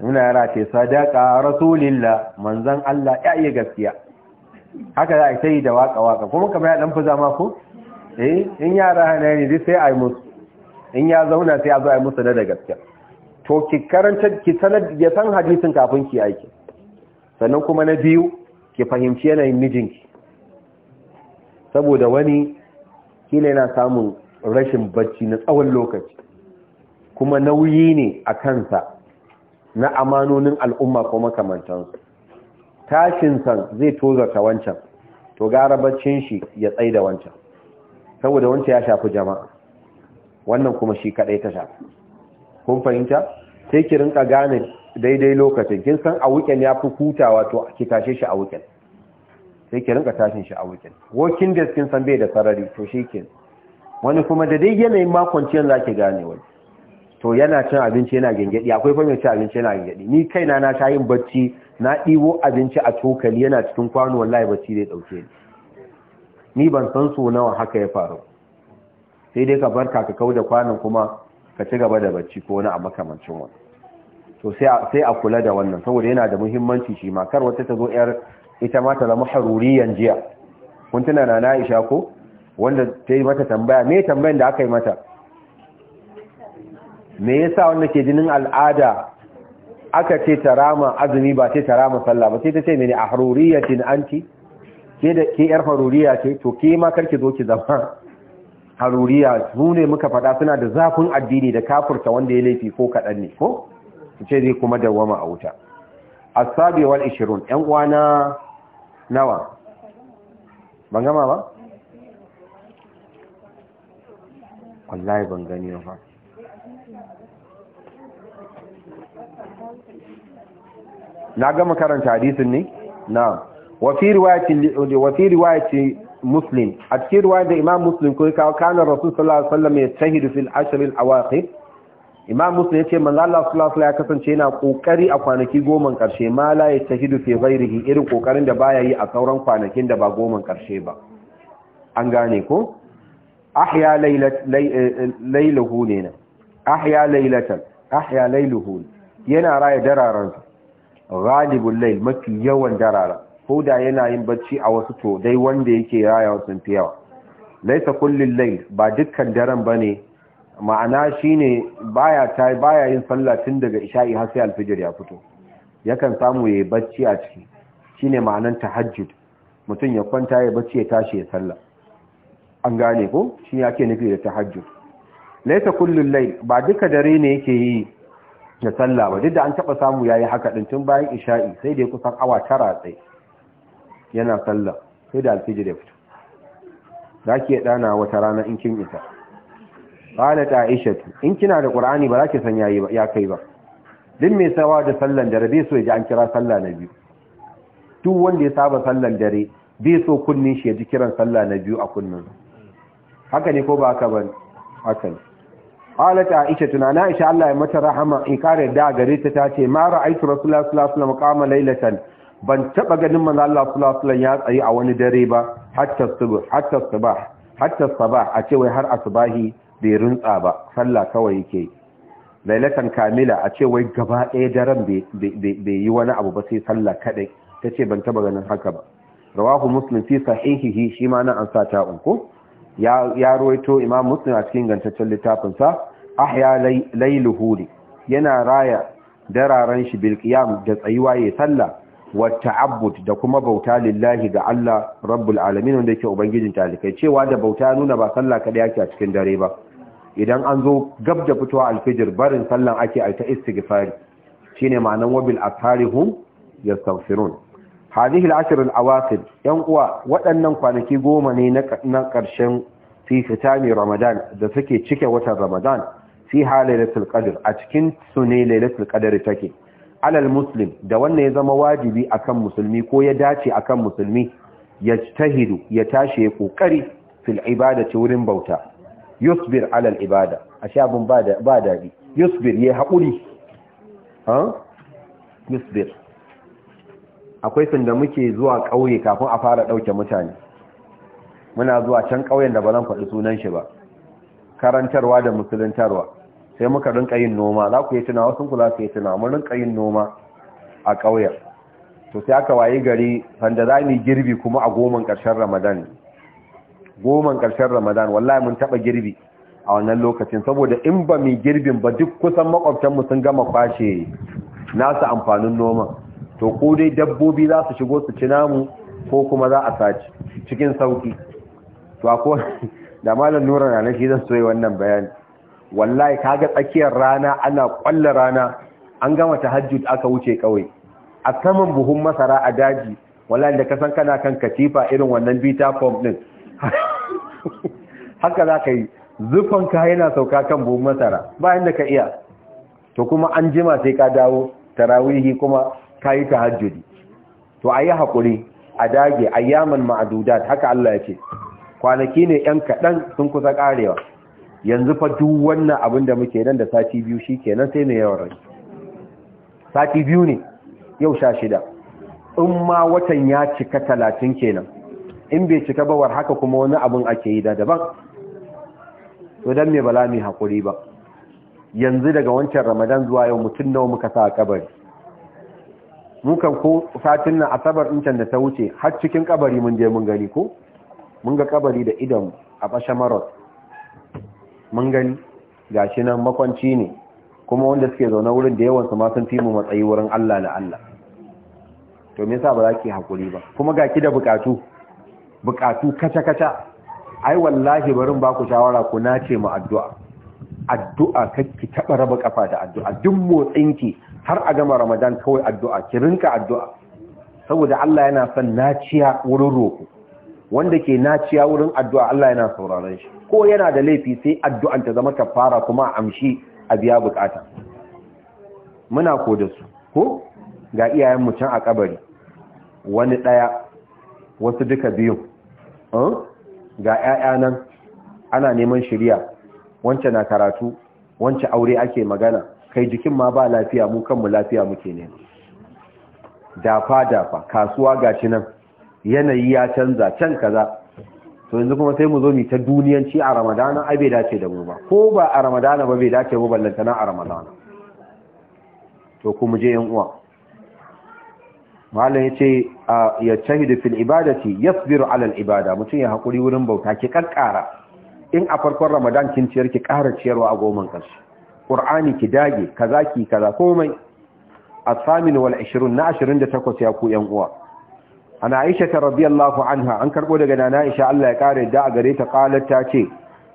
A: muna yara ce sadaka rasulillah manzan Allah ya yi gaskiya haka za a sai da waka-waka kuma kamar ya dan fi zama ko eh in yara hana ne sai a yi musu in ya zauna sai a zo a yi musu na da gaskiya to ki karanta ki sanar ya san hadisin kafin ki aiki sannan kuma na biyu ki fahimci yanayin mijinki saboda wani kila yana samun rashin bacci na tsawon lokaci kuma nauyi ne a kansa na amanonin al'umma ko makamantansu tashinsa zai tozarta wancan to gara baccin shi ya tsaye da wancan saboda wancan ya shafi jama'a wannan kuma shi kadai ta shafi kun fahimta sai ki rinka gane daidai lokacin kin san a wuken ya fi hutawa to ki tashe shi a wuken sai ki rinka tashin shi a wukin Wokin days kin san bai da sarari to shi ke wani kuma da dai yanayin makonciyar za ki gane wani to yana cin abinci yana gengedi akwai mai cin abinci yana gengedi ni kaina na sha yin bacci na ɗiwo abinci a cokali yana cikin kwano wallahi bacci zai ɗauke ni ni ban san so nawa haka ya faru sai dai ka barka ka kau da kwanan kuma ka ci gaba da bacci ko wani a makamancin wani to sai a kula da wannan saboda yana da muhimmanci shi ma kar wata ta zo yar ita ma ta zama haruriyan jiya kun tuna na Aisha ko wanda ta yi mata tambaya me tambayan da aka yi mata me yasa wanda ke jinin al'ada aka ce tarama azumi ba ce tarama sallah ba sai ta ce mene a haruriyatin anti ke da ke yar haruriya ce to ke ma karki zo ki zama haruriya Mu ne muka fada suna da zafin addini da kafurta wanda ya laifi ko kaɗan ne ko ce zai kuma dawwama a wuta asabi wal 20 yan uwana nawa ban gama ba wallahi ban gani ba na gama karanta hadisin ne na wafi riwayati muslim a cikin riwayar da imam muslim ko kawo kanar rasul sallallahu alaihi wasallam ya tahidu fil ashirin awakhir imam musu ya ce manzala sulasula ya kasance yana kokari a kwanaki goman karshe ma la ya tahidu fi ghairihi irin kokarin da baya yi a sauran kwanakin da ba goman karshe ba an gane ko ahya lailahu eh, eh, ne na ahya lailatan ahya yana raya dararan ghalibul lail mafi yawan darara ko da yana yin bacci a wasu to dai wanda yake raya wasu fi yawa laisa kullul lail ba dukkan daren bane ma'ana shine baya ta baya yin sallah tun daga isha'i har sai alfijir ya fito yakan samu yayi bacci a ciki shine ma'anan tahajjud mutum ya kwanta ya bacci ya tashi ya sallah an gane ko shi yake nufi da tahajjud laita kullun layl ba duka dare ne yake yi da sallah ba duk da an taba samu ya yi haka din tun bayan isha'i sai da kusan awa tara tsaye yana sallah sai da alfijir ya fito zaki ya ɗana wata rana in kin isa qalat aisha in kina da qur'ani ba za ki san yayi ba ya kai ba din mai sawa da sallan dare bai so ya ji an kira sallah na biyu duk wanda ya saba sallan dare bai so kunnin shi ya ji kiran sallah na biyu a kunnin haka ne ko ba haka ba haka ne qalat aisha na aisha Allah ya mata rahama in kare da gare ta tace ma ra'aytu rasulullahi sallallahu alaihi wasallam qama laylatan ban taba ganin manzo Allah sallallahu alaihi wasallam ya tsaye a wani dare ba hatta subuh hatta sabah hatta sabah a ce wai har asbahi bai rintsa ba sallah kawai yake lailatan kamila a ce wai gaba ɗaya daren bai yi wani abu ba sai sallah kadai ta ce ban taba ganin haka ba rawahu muslim fi sahihihi shi ma nan an sa ta unku ya ruwaito imam muslim a cikin gantaccen littafin sa ahya lailuhu yana raya dararen shi bil da tsayuwa ya salla. wa ta'abbud da kuma bauta lillahi ga Allah rabbul alamin wanda yake ubangijin talikai cewa da bauta nuna ba sallah kadai yake a cikin dare ba idan an zo gab da fitowa alfijir barin sallan ake a ta shine ma'anan wabil atharihum yastaghfirun hadhihi al-ashr al yan uwa waɗannan kwanaki goma ne na ƙarshen fi fitami ramadan da suke cike watan ramadan fi halailatul qadr a cikin su ne lailatul qadr take alal muslim da wannan ya zama wajibi akan musulmi ko ya dace akan musulmi yajtahidu ya tashi ya kokari fil ibadati wurin bauta yusbir alal ibada a sha abin ba daɗi yusbir ya haƙuri yusbir akwai sun da muke zuwa ƙauye kafin a fara ɗauke mutane muna zuwa can ƙauyen da ba zan faɗi sunan shi ba karantarwa da musuluntarwa sai muka rinka yin noma za ku yi tuna wasu ku za yi tuna mun rinka yin noma a ƙauyen to sai aka waye gari sanda za girbi kuma a goman karshen ramadan goman ƙarshen ramadan wallahi mun taɓa girbi a wannan lokacin saboda in ba mai girbin ba duk kusan makwabtanmu sun gama kwashe nasu amfanin noman to ko dai dabbobi za su shigo su ci namu ko kuma za a saci cikin sauki to ko da malam nura na shi zan soye wannan bayani wallahi kaga tsakiyar rana ana kwalla rana an gama tahajjud aka wuce kawai a saman buhun masara a daji wallahi da ka san kana kan katifa irin wannan bita pump din haka za ka yi ka yana sauka kan buhun masara bayan da ka iya to kuma an jima sai ka dawo tarawihi kuma ka yi hajjudi to a yi haƙuri a dage ayyaman ma'adudat haka Allah ya ce kwanaki ne 'yan kaɗan sun kusa ƙarewa yanzu fa duk wannan abin da muke nan da sati biyu shi kenan sai ne yawan rai sati biyu ne yau sha shida in ma watan ya cika talatin kenan in bai cika ba war haka kuma wani abun ake yi da daban to dan me bala mai hakuri ba yanzu daga wancan ramadan zuwa yau mutum nawa muka sa a kabari mukan ko satin nan asabar din can da ta wuce har cikin kabari mun je mun gani ko mun ga kabari da idan a basha marot mun gani gashi nan makwanci ne kuma wanda suke zaune wurin da yawan su ma sun fi mu matsayi wurin Allah da Allah to me yasa ba za ki hakuri ba kuma ga ki da bukatu bukatu kaca-kaca ai wallahi barin baku shawara ku nace mu addu'a addu'a ki taɓa raba kafa da addu'a duk motsinki har a gama ramadan kawai addu'a ki rinka addu'a saboda Allah yana son naciya wurin roƙo wanda ke naciya wurin addu'a Allah yana sauraron shi ko yana da laifi sai addu'an ta zama kafara kuma amshi a biya bukata muna ko da su ko ga iyayen mu can a kabari wani daya wasu duka biyu ga 'ya'ya nan ana neman shirya wance na karatu wance aure ake magana kai jikin ma ba lafiya mu kanmu lafiya muke ne dafa dafa kasuwa ga gashi nan yanayi ya canza can kaza to yanzu kuma sai mu zo mu ta duniyanci a ramadana ai bai dace da mu ba ko ba a ramadana ba bai dace mu ballantana a ramadana to ku mu je yan uwa malam yace yajahidu fil ibadati yasbiru ala alal ibada mutum ya hakuri wurin bauta ki kankara in a farkon ramadan kin ciyar ki ƙara ciyarwa a goman ƙarshe qur'ani ki dage kaza ki kaza komai as-samin wal ashirin na takwas ya ku yan uwa ana aisha ta radiyallahu anha an karɓo daga nana aisha Allah ya ƙara yadda a gare ta qalat ta ce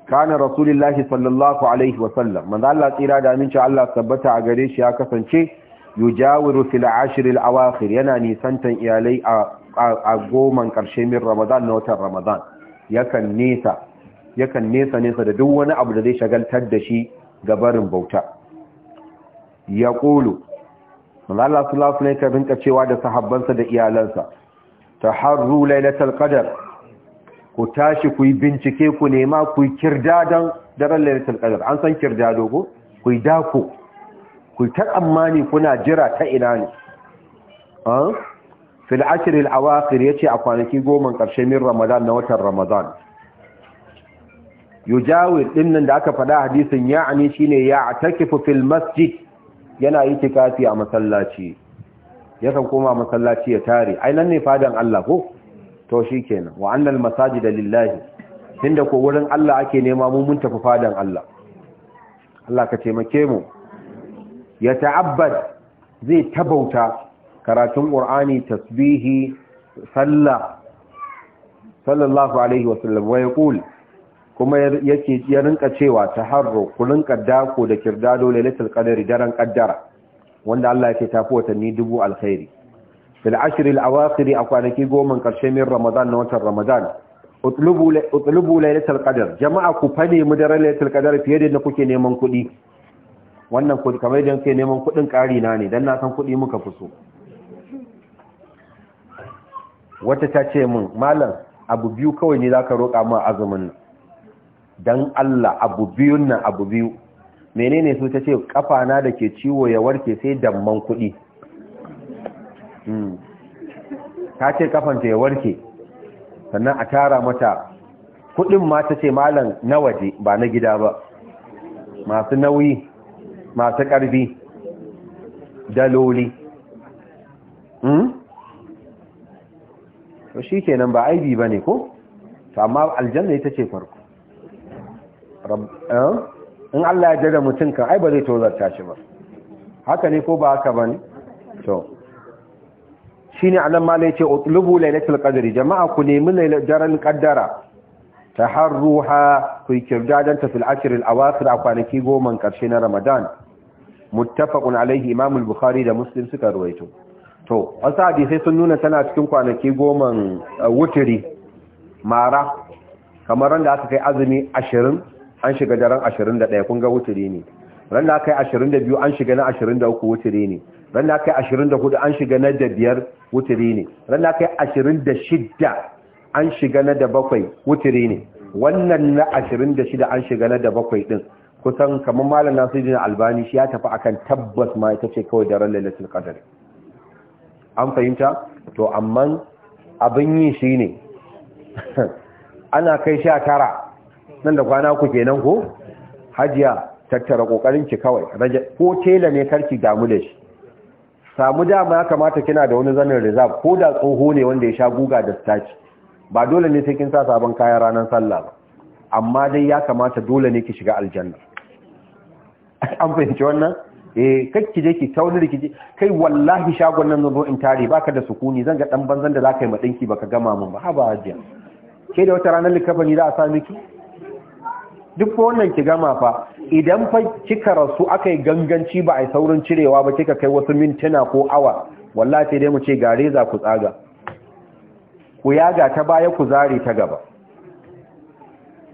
A: kana rasulullahi sallallahu alaihi wa sallam manzo Allah tsira da aminci Allah tabbata a gare shi ya kasance yujawiru fil ashiril awakhir yana nisantan iyalai a goman karshe min ramadan na watan ramadan yakan nesa yakan nesa nesa da duk wani abu da zai shagaltar da shi ga barin bauta ya kulu Allah sallallahu alaihi wasallam rinka cewa da sahabbansa da iyalansa taharru lailatul qadar ku tashi ku yi bincike ku nema ku yi kirdadan daren lailatul qadar an san kirdado dogo, ku dako ku ta tsammani kuna jira ta ina ne fil ashril awakhir yace a kwanaki goma karshe min ramadan na watan ramadan yujawir ɗinnan da aka faɗa hadisin ya'ani shine ya'takifu fil masjid yana itikafi a masallaci yakan koma masallaci ya tare ai nan ne fadan Allah ko to shikenan wa annal masajid lillahi tunda ko wurin Allah ake nema mu mun tafi fadan Allah Allah ka taimake mu ya ta'abbad zai tabauta karatun ƙur'ani tasbihi sallah sallallahu alaihi wasallam wa kuma yake ya rinka cewa ta harro, ku rinka dako da kirdado lailatul qadri daren qaddara wanda Allah yake tafi watanni dubu alkhairi fil ashril awakhir a kwanaki goma karshe min ramadan na watan ramadan utlubu utlubu lailatul qadr jama'a ku fane mu daren lailatul qadr fiye da kuke neman kuɗi wannan kudi kamar da ke neman kudin ƙari na ne don na san kudi muka fi wata ta ce min malam abu biyu kawai ne za ka roƙa ma azumin don Allah abu biyun nan abu biyu menene su ta ce na da ke ciwo ya warke sai damman kuɗi hmm. ta ce kafanta ya warke sannan a tara mata kuɗin ma ta ce malam na waje ba na gida ba masu nauyi masu ƙarfi daloli hmm? to shi kenan ba aibi ba ne ko to amma aljanna ita ce farko eh? in Allah ya jada mutum kan ai ba zai tozarta shi ba haka ne ko ba haka ba ne to shi ne anan ma lai ce utlubu lailatul qadri jama'a ku nemi lailatul qaddara taharruha ku yi don tafil ashirin a wasu a kwanaki goma ƙarshe na ramadan muttafaqun alaihi imamul bukhari da muslim suka ruwaito to wasu hadisai sun nuna tana cikin kwanaki goma Wutiri, mara kamar ran da aka kai azumi ashirin an shiga daren ashirin da ɗaya kun ga ne ran da aka yi ashirin da biyu an shiga na ashirin da uku wutiri ne ran da aka yi ashirin da hudu an shiga na da biyar wutiri ne ran da aka yi ashirin da shidda an shiga na da bakwai wutiri ne wannan na shida an shiga na da bakwai din kusan kamar malam na albani shi ya tafi akan tabbas ma ita ce kawai ran lailatul qadr an fahimta to amma abin yi shine ana kai 19 nan da kwana ku kenan ko hajiya tattara kokarin ki kawai ko tela ne karki damu da shi samu dama ya kamata kina da wani zanin reserve ko da tsoho ne wanda ya sha guga da staci ba dole ne sai kin sa sabon kayan ranar sallah ba amma dai ya kamata dole ne ki shiga aljanna an fahimci wannan eh kakki je ki tauni ki kai wallahi shagon nan zo in tare baka da sukuni zan ga dan banzan da zaka yi madinki baka gama mun ba haba hajiya ke da wata ranar likafani za a sa miki duk wannan ki gama fa idan fa kika rasu aka ganganci ba a yi saurin cirewa ba kika kai wasu mintuna ko awa wallahi sai dai mu ce gare za ku tsaga ku yaga ta baya ku zare ta gaba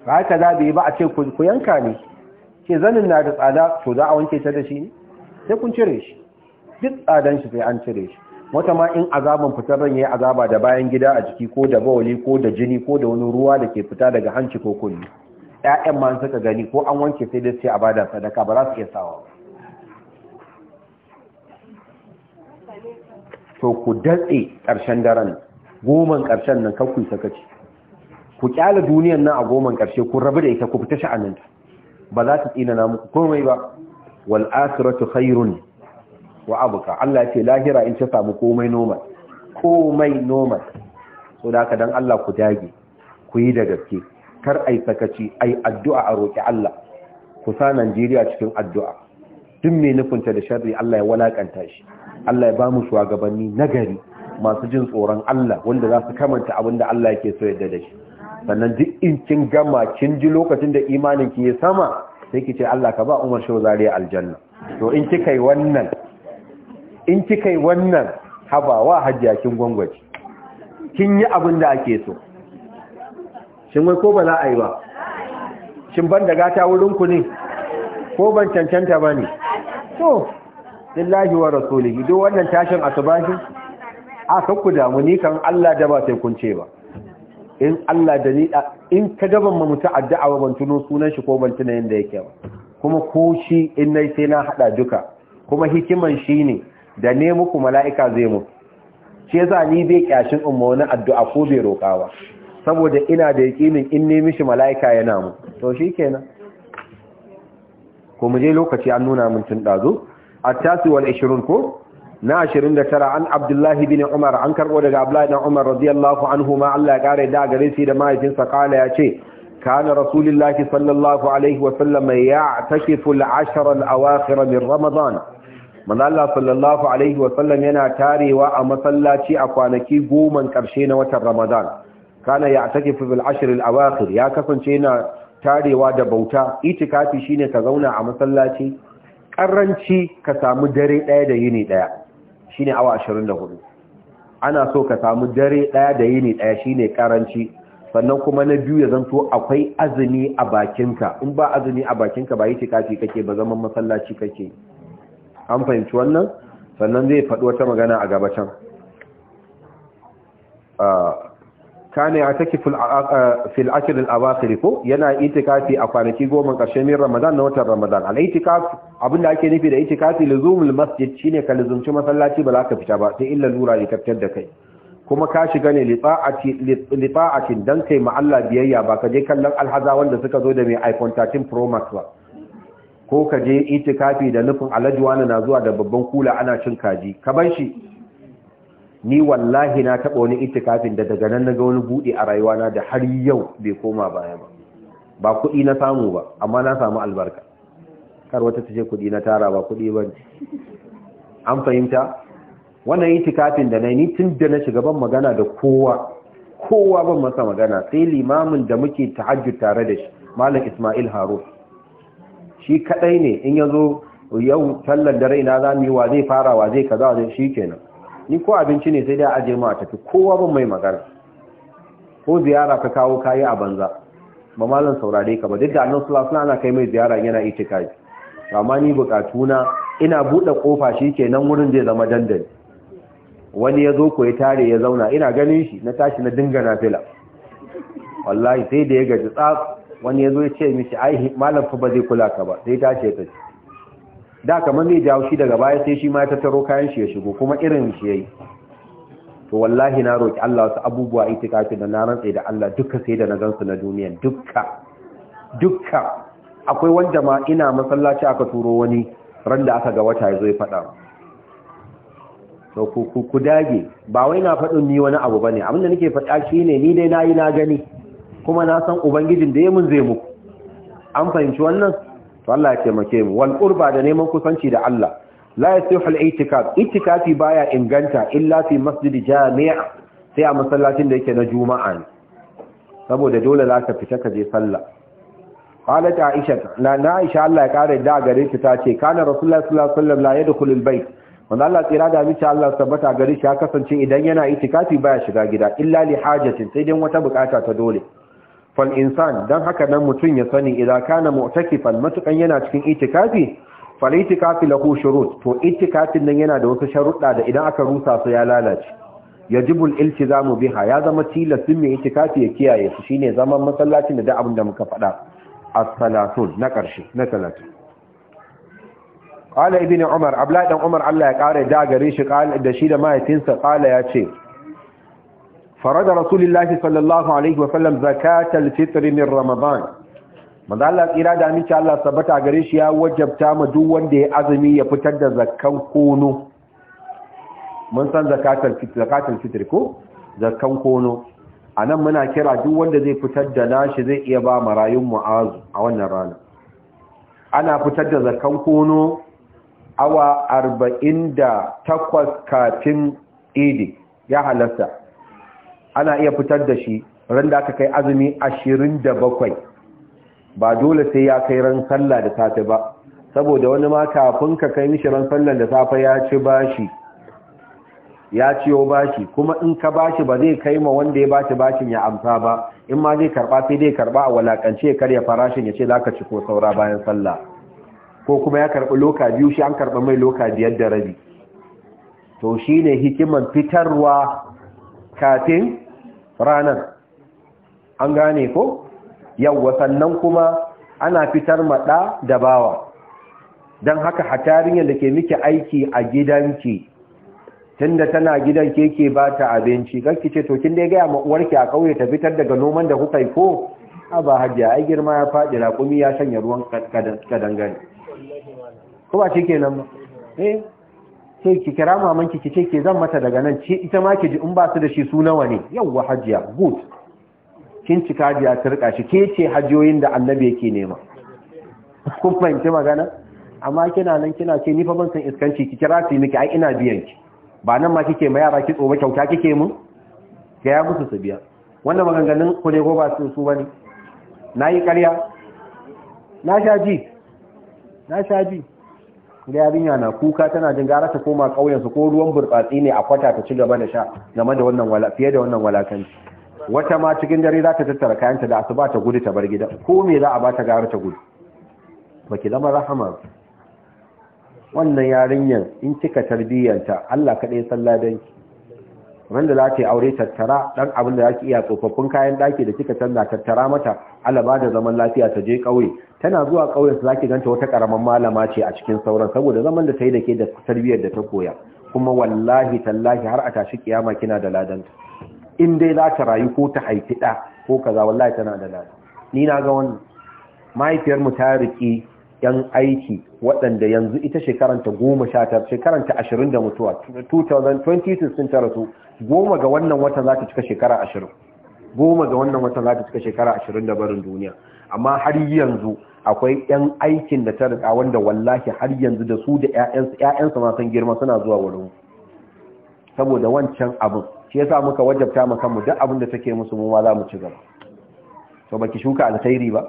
A: haka za bai ba a ce ku yanka ne ke zanin na da tsada to za a wanke ta da shi ne sai kun cire shi duk tsadan shi sai an cire shi wata ma in azaban fitar ran yayi azaba da bayan gida a jiki ko da bawali ko da jini ko da wani ruwa da ke fita daga hanci ko kunni ƴaƴan ma suka gani ko an wanke sai dai sai a bada sadaka ba za su iya sawa to ku datse ƙarshen daren goman ƙarshen nan kan ku sakaci ku kyala duniyan nan a goman ƙarshe ku rabu da ita ku fita sha'aninta ba za ta tsina na muku komai ba wal akhiratu khairun wa abuka. Allah ya ce lahira in ta samu komai normal komai normal so da haka dan Allah ku dage ku yi da gaske kar ai sakaci ai addu'a a roki Allah ku sa Najeriya cikin addu'a duk mai nufinta da sharri Allah ya walakanta shi Allah ya ba mu shugabanni nagari masu jin tsoron Allah wanda za su kamanta abin da Allah yake so yadda da shi sannan duk in kin gama kin ji lokacin da imanin ki ya sama sai ki ce Allah ka ba Umar Shehu Zaria aljanna to in kika yi wannan in kika yi wannan habawa a kin gwangwaci kin yi abin da ake so shin wai ko ba za a yi ba shin ban da gata wurin ku ne ko ban cancanta ba ne to lillahi wa rasulihi duk wannan tashin asubahi a ku damu ni kan Allah da ba sai ce ba in Allah da ni in ka gaban mu mutu addu'a ba ban tuno sunan shi ko ban tuna yanda yake ba kuma ko shi in nai sai na hada duka kuma hikiman shi ne da ne muku mala'ika zai mu shi yasa ni bai kyashin umma wani addu'a ko bai roka ba saboda ina da yaƙinin in ne mishi mala'ika yana mu to shi kenan ko mu je lokaci an nuna mun tun dazu A tasi ko na ashirin da tara an abdullahi bin umar an karbo daga abdullahi dan umar radiyallahu anhu ma Allah ya kare da gare shi da mahaifinsa kala ya ce kana rasulullahi sallallahu alaihi wa sallam ya'takifu al-ashara al-awakhir min ramadan manzo Allah sallallahu alaihi wa sallam yana tarewa a masallaci a kwanaki goman karshe na watan ramadan kana ya'takifu bil ashr al-awakhir ya kasance yana tarewa da bauta itikafi shine ka zauna a masallaci karanci ka samu dare daya da yini daya shine awa 24 ana so ka samu dare daya da yini daya shine karanci sannan kuma na biyu ya zanto akwai azumi a bakinka in ba azumi a bakinka ba yi tikafi kake ba zaman masallaci kake an fahimci wannan sannan zai faɗi wata magana a gabatan ah, kana ya take fil ashir al awakhir ko yana itikafi a kwanaki goma karshen min ramadan na watan ramadan al itikaf abinda ake nufi da itikafi al masjid shine ka luzumci masallaci ba za ka fita ba sai illa lura ya kaftar da kai kuma ka shiga ne lita'atin dan kai ma Allah biyayya ba ka je kallon alhaza wanda suka zo da mai iPhone 13 Pro Max ba ko ka je itikafi da nufin alajuwa na zuwa da babban kula ana cin kaji ka bar shi ni wallahi na taɓa wani itikafin da daga nan na ga wani buɗe a rayuwana da har yau bai koma baya ba ba kuɗi na samu ba amma na samu albarka kar wata ta ce kuɗi na tara ba kuɗi ba an fahimta wannan itikafin da na ni tun da na shiga ban magana da kowa kowa ban masa magana sai limamin da muke tahajjud tare da shi malam Ismail Harun shi kaɗai ne in ya zo yau tallan da raina zamu yi wa zai fara wa zai kaza wa zai ni ko abinci ne sai da aje a tafi kowa ban mai magana ko ziyara ka kawo kayi a banza ba malam saurare ka ba duk da annabi sallallahu alaihi wasallam kai mai ziyara yana itikafi amma ni na. ina bude kofa shikenan wurin zai zama dandali wani ya zo koyi tare ya zauna ina ganin shi na tashi na dinga nafila wallahi sai da ya gaji tsaf wani ya zo ya ce mishi ai malam fa ba zai kula ka ba sai tashi ya tashi da kamar zai jawo shi daga baya sai shi ma ya tattaro kayan shi ya shigo kuma irin shi yayi to wallahi na roki Allah wasu abubuwa itikafi da na rantsa da Allah duka sai da na gansu na duniya duka duka akwai wanda ma ina masallaci aka turo wani ran da aka ga wata ya ya faɗa to ku ku dage ba wai na faɗin ni wani abu bane abinda nake faɗa shine ni dai nayi na gani kuma na san ubangijin da ya mun zai muku an fahimci wannan to Allah ya taimake mu wal qurba da neman kusanci da Allah la yasihu al itikaf itikafi baya inganta illa fi masjid jami'a sai a masallacin da yake na juma'a ne saboda dole za ka fita ka je sallah qalat aisha na na aisha Allah ya kare da gare ta tace kana rasulullahi sallallahu alaihi wasallam la yadkhulu al bayt wanda Allah tsira da mita Allah tabbata gare shi ya kasance idan yana itikafi baya shiga gida illa li hajatin sai dan wata bukata ta dole fal insan dan haka nan mutum ya sani idan kana mu'takifan matukan yana cikin itikafi fal itikafi lahu shurut to itikafin nan yana da wasu sharuɗa da idan aka rusa su ya lalace ya yajibul iltizamu biha ya zama tilasin mai itikafi ya kiyaye su shine zaman masallacin da da abin da muka faɗa as-salatun na ƙarshe na talatin qala ibnu umar dan umar Allah ya kare da gare shi da shi da mahaifinsa qala ya ce farada rasulullahi sallallahu alaihi wa sallam zakatar fitr min ramadan manzo Allah tsira da aminci Allah sabata gare shi ya wajabta mu duk wanda ya azumi ya fitar da zakkan kono mun san zakatul fitr zakatul fitr ko zakkan kono anan muna kira duk wanda zai fitar da nashi zai iya ba marayun azu a wannan rana ana fitar da zakkan kono awa 48 kafin idi ya halasta ana iya fitar da shi ran da aka kai azumi ashirin da bakwai ba dole sai ya kai ran sallah da safe ba saboda wani ma kafin ka kai mishi ran sallah da safe ya ci bashi ya ciyo bashi kuma in ka bashi ba zai kai ma wanda ya bashi bashin ya amsa ba in ma zai karba sai dai karba a walakance karya farashin ya ce za ka ci ko saura bayan sallah ko kuma ya karbi loka biyu shi an karba mai loka biyar da rabi to shine hikiman fitarwa kafin ranar an gane ko yawwa sannan kuma ana fitar maɗa da bawa don haka hatarin da ke miki aiki a gidanki tunda tana gidan keke ba ta abinci ƙarki ce to kin dai gaya ma uwarki a ƙauye ta fitar daga noman da kuka yi ko a ba ai girma ya faɗi raƙumi ya shanya ruwan kadangare ko ba kenan ba eh sai ki kira mamanki ki ce ke zan mata daga nan ce ita ma ki ji in ba su da shi su nawa ne yawwa hajiya good kin cika hajiya ta rika shi ke ce hajiyoyin da annabi yake nema kun fahimci magana amma kina nan kina ce ni fa ban san iskanci ki kira ki miki ai ina biyan ki ba nan ma kike ma yara ki tsoba kyauta kike mun ga ya musu su biya wannan maganganun ku ne ko ba su su bane nayi ƙarya na sha ji na sha ji da yarinya na kuka tana jin gara ta koma ƙauyen su ko ruwan burtsatsi ne a kwata ta ci gaba da sha game da wannan wala fiye da wannan walakanci wata ma cikin dare za ta tattara kayanta da asuba ta gudu ta bar gida ko me za a ba ta gara ta gudu Ba ki zama rahama wannan yarinyar in kika tarbiyyanta Allah kaɗai salladanki wanda za ta yi aure tattara dan abin da za ki iya tsofaffin kayan ɗaki da kika canza tattara mata alaba da zaman lafiya ta je kauye tana zuwa kauyen za ki ganta wata karaman malama ce a cikin sauran saboda zaman da ta yi da ke da tarbiyyar da ta koya kuma wallahi tallahi har a tashi kiyama kina da ladanta in dai za ta rayu ko ta haifi ɗa ko kaza wallahi tana da ladan. ni na ga wannan mahaifiyarmu ta riƙi yan aiki waɗanda yanzu ita shekaranta goma sha tara shekaranta ashirin da mutuwa 2020 sun tara su goma ga wannan wata za ta cika shekara ashirin goma ga wannan wata za ta cika shekara ashirin da barin duniya amma har yanzu akwai 'yan aikin da ta rika wanda wallahi har yanzu da su da 'ya'yansa ma san girma suna zuwa wurin saboda wancan abin shi yasa muka wajabta mu kanmu duk abin da take musu mu ma za mu ci gaba to baki shuka alkhairi ba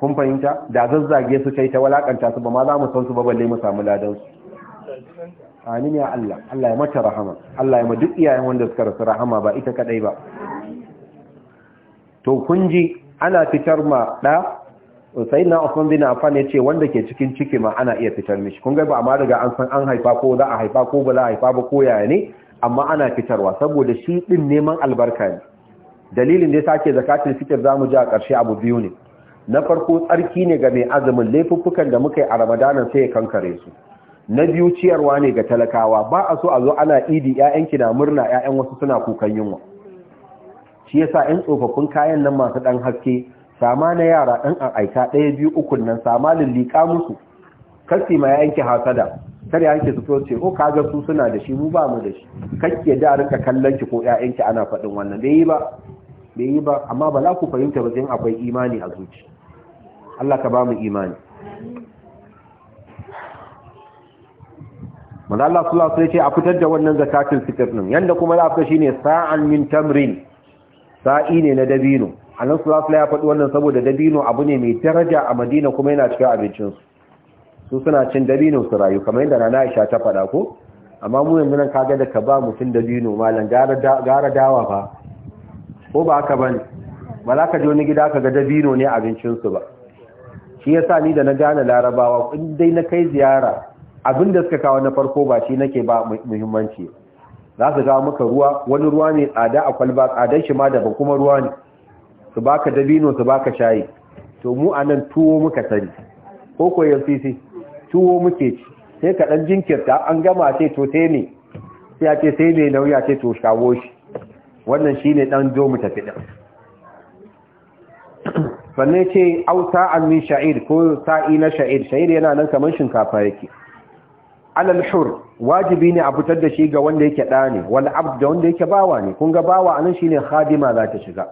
A: kun fahimta da zazzage su kai ta walakanta su ba ma za mu san su ba balle mu samu ladan su amin ya Allah Allah ya mata rahama Allah ya ma duk iyayen wanda suka rasu rahama ba ita kadai ba to kun ji ana fitar ma da sayyidina Usman bin Affan ce wanda ke cikin ciki ma ana iya fitar mishi kun ga ba amma daga an san an haifa ko za a haifa ko ba za a haifa ba ko yaya ne amma ana fitarwa saboda shi din neman albarka ne dalilin da yasa ake zakatul fitr zamu ji a ƙarshe abu biyu ne na farko tsarki ne ga mai azumin laifuffukan da muka yi a ramadanan sai ya kankare su na biyu ciyarwa ne ga talakawa ba a so a zo ana idi 'ya'yanki na murna 'ya'yan wasu suna kukan yunwa shi yasa 'yan tsofaffin kayan nan masu ɗan haske sama na yara dan ɗan aika ɗaya biyu ukun nan sama lullika musu kasi ma 'ya'yanki hasada kar yanki su so ce o oh, kaga su suna da shi mu ba mu da shi kakke da rika kallon ki ko 'ya'yanki ana faɗin wannan bai yi ba bai yi ba amma ba za ku fahimta ba sai akwai imani a zuci Allah ka ba mu imani manzo Allah sallallahu alaihi ce a fitar da wannan zakatin fitr din yanda kuma za ka shine sa'an min tamrin sa'i ne na dabino anan sallallahu alaihi ya faɗi wannan saboda dabino abu ne mai daraja a Madina kuma yana cikin abincin su suna cin dabino su rayu kamar yadda Nana Aisha ta faɗa ko amma mu yanzu nan kaga da ka ba mutum dabino malam gara dawa ba. ko ba haka bane ba za ka je wani gida ka ga dabino ne abincinsu ba shi yasa ni da na gane larabawa in dai na kai ziyara abin da suka kawo na farko ba shi nake ba muhimmanci za su kawo maka ruwa wani ruwa ne tsada a kwalba tsadan shi ma daban kuma ruwa ne su baka dabino su baka shayi to mu a nan tuwo muka sani ko ko sisi tuwo muke ci sai ka dan jinkirta an gama ce to sai ne sai ya ce sai ne nauyi a ce to shawo shi wannan shine dan zo mu tafi din sannan ce au sa'an min sha'ir ko sa'i na sha'ir sha'ir yana nan kamar shinkafa yake alal wajibi ne a fitar da shi ga wanda yake ɗa ne wal abd da wanda yake bawa ne kun ga bawa anan shine Hadima za ta shiga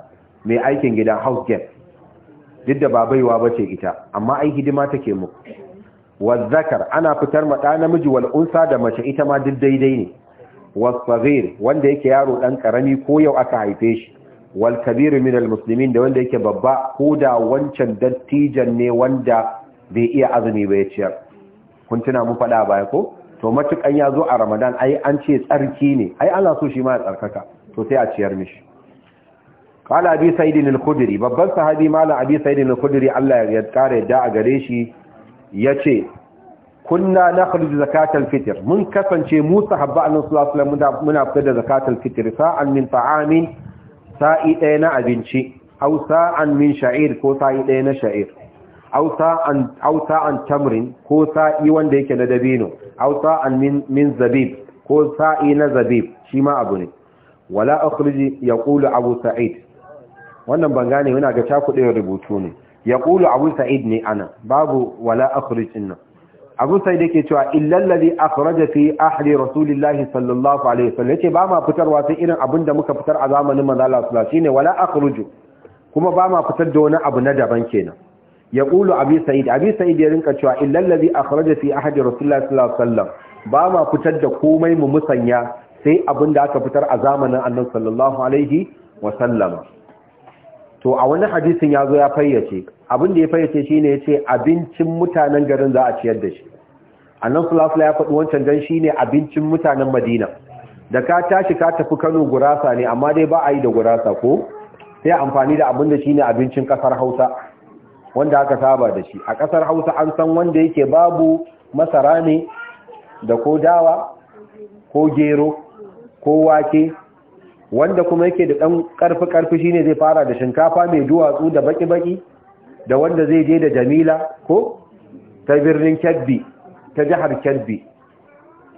A: mai aikin gida house girl duk da ba baiwa bace ita amma ai hidima take muku wal ana fitar ma ɗa namiji wal da mace ita ma duk daidai ne wasfazir wanda yake yaro dan karami ko yau aka haife shi wal kabiru min al muslimin da wanda yake babba ko da wancan dattijan ne wanda bai iya azumi ba ya ciyar kun tuna mu faɗa baya ko to matukan ya zo a ramadan ai an ce tsarki ne ai Allah so shi ma ya tsarkaka to sai a ciyar mishi قال ابي سعيد الخدري babban sahabi malam abi sa'id al-khudri Allah ya kare da a gare shi yace kunna nakhruj zakatal fitr mun kasance mu sahabba annabi sallallahu alaihi wasallam muna fita zakatal fitr sa'an min ta'amin sa'i daya na abinci aw sa'an min sha'ir ko sa'i daya na sha'ir aw sa'an aw sa'an tamrin ko sa'i wanda yake na dabino aw sa'an min min zabib ko sa'i na zabib shi ma abu ne wala akhrij yaqulu abu sa'id wannan ban gane yana ga cakuɗewar rubutu ne yaqulu abu sa'id ne ana babu wala akhrij nan abu sai da ke cewa illallazi akhraja fi ahli rasulillahi sallallahu alaihi wasallam yace ba ma fitarwa sai irin abin da muka fitar a zamanin manzo Allah sallallahu shine wala akhruju kuma ba ma fitar da wani abu na daban kenan yaqulu abi sa'id abi sa'id ya rinka cewa illallazi akhraja fi ahli rasulillahi sallallahu alaihi wasallam ba ma fitar da komai mu musanya sai abin da aka fitar a zamanin annabi sallallahu alaihi wasallama to a wani hadisin yazo ya fayyace abin da ya shi ne ya ce abincin mutanen garin za a ciyar da shi A nan fulafula ya faɗi wancan shi ne abincin mutanen madina da ka tashi ka tafi kano gurasa ne amma dai ba a yi da gurasa ko sai amfani da abin da shi ne abincin ƙasar hausa wanda aka saba da shi a ƙasar hausa an san wanda yake babu masara ne da ko dawa ko gero ko wake wanda kuma yake da ɗan ƙarfi-ƙarfi shine zai fara da shinkafa mai duwatsu da baƙi-baƙi? da wanda zai je da jamila ko ta birnin kyabbi ta jihar kyabbi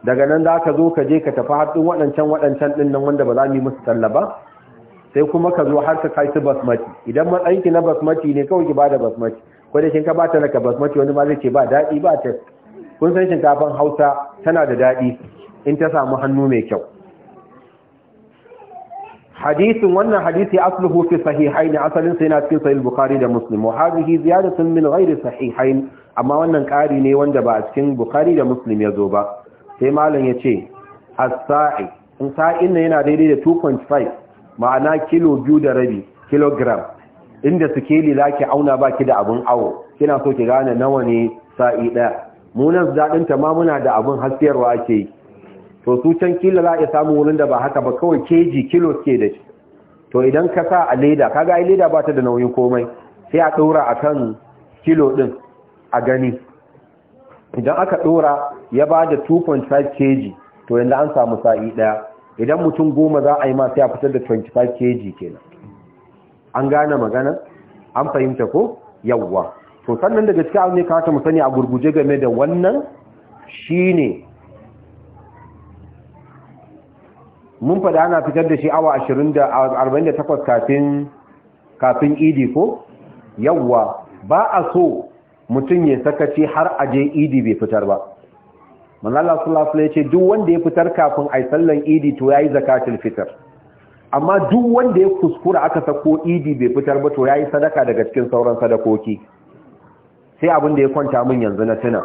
A: daga nan za ka zo ka je ka tafi haɗin waɗancan waɗancan ɗin nan wanda ba za mu yi musu talla ba sai kuma ka zo har ka kai su basmati idan matsayinki na basmati ne kawai ki ba da basmati ko da ba ta naka basmati wani ma zai ce ba daɗi ba ta kun san shinkafan hausa tana da daɗi in ta samu hannu mai kyau hadisin wannan hadisi asluhu fi sahihain asalin sa yana cikin sahih bukhari da muslim wa hadhihi ziyadatun min ghairi sahihain amma wannan ƙari ne wanda ba a cikin bukhari da muslim ya zo ba sai malam ya ce as-sa'i in sa'in nan yana daidai da 2.5 ma'ana kilo biyu da rabi kilogram inda sikeli zaki auna ba ki da abun awo kina so ki gane nawa ne sa'i ɗaya. nan daɗinta ta ma muna da abun hasiyarwa ake to su can kila za a iya samun wurin da ba haka ba kawai keji kilo ke da shi to idan ka sa a leda kaga ai leda ba ta da nauyin komai sai a ɗora a kan kilo ɗin a gani idan aka ɗora ya ba da 2.5 kg to yadda an samu sa'i ɗaya idan mutum goma za a yi ma sai a fitar da 25 kg kenan an gane magana an fahimta ko yawwa to sannan daga cikin abu ne kawata mu sani a gurguje game da wannan shine mun fada ana fitar da shi awa 48 kafin kafin idi ko yawwa ba a so mutum ya saka ci har a je idi bai fitar ba manzala sallallahu ya ce duk wanda ya fitar kafin ai sallan idi to yayi zakatul fitr amma duk wanda ya kuskura aka sako idi bai fitar ba to yayi sadaka daga cikin sauran sadakoki sai abin da ya kwanta min yanzu na tuna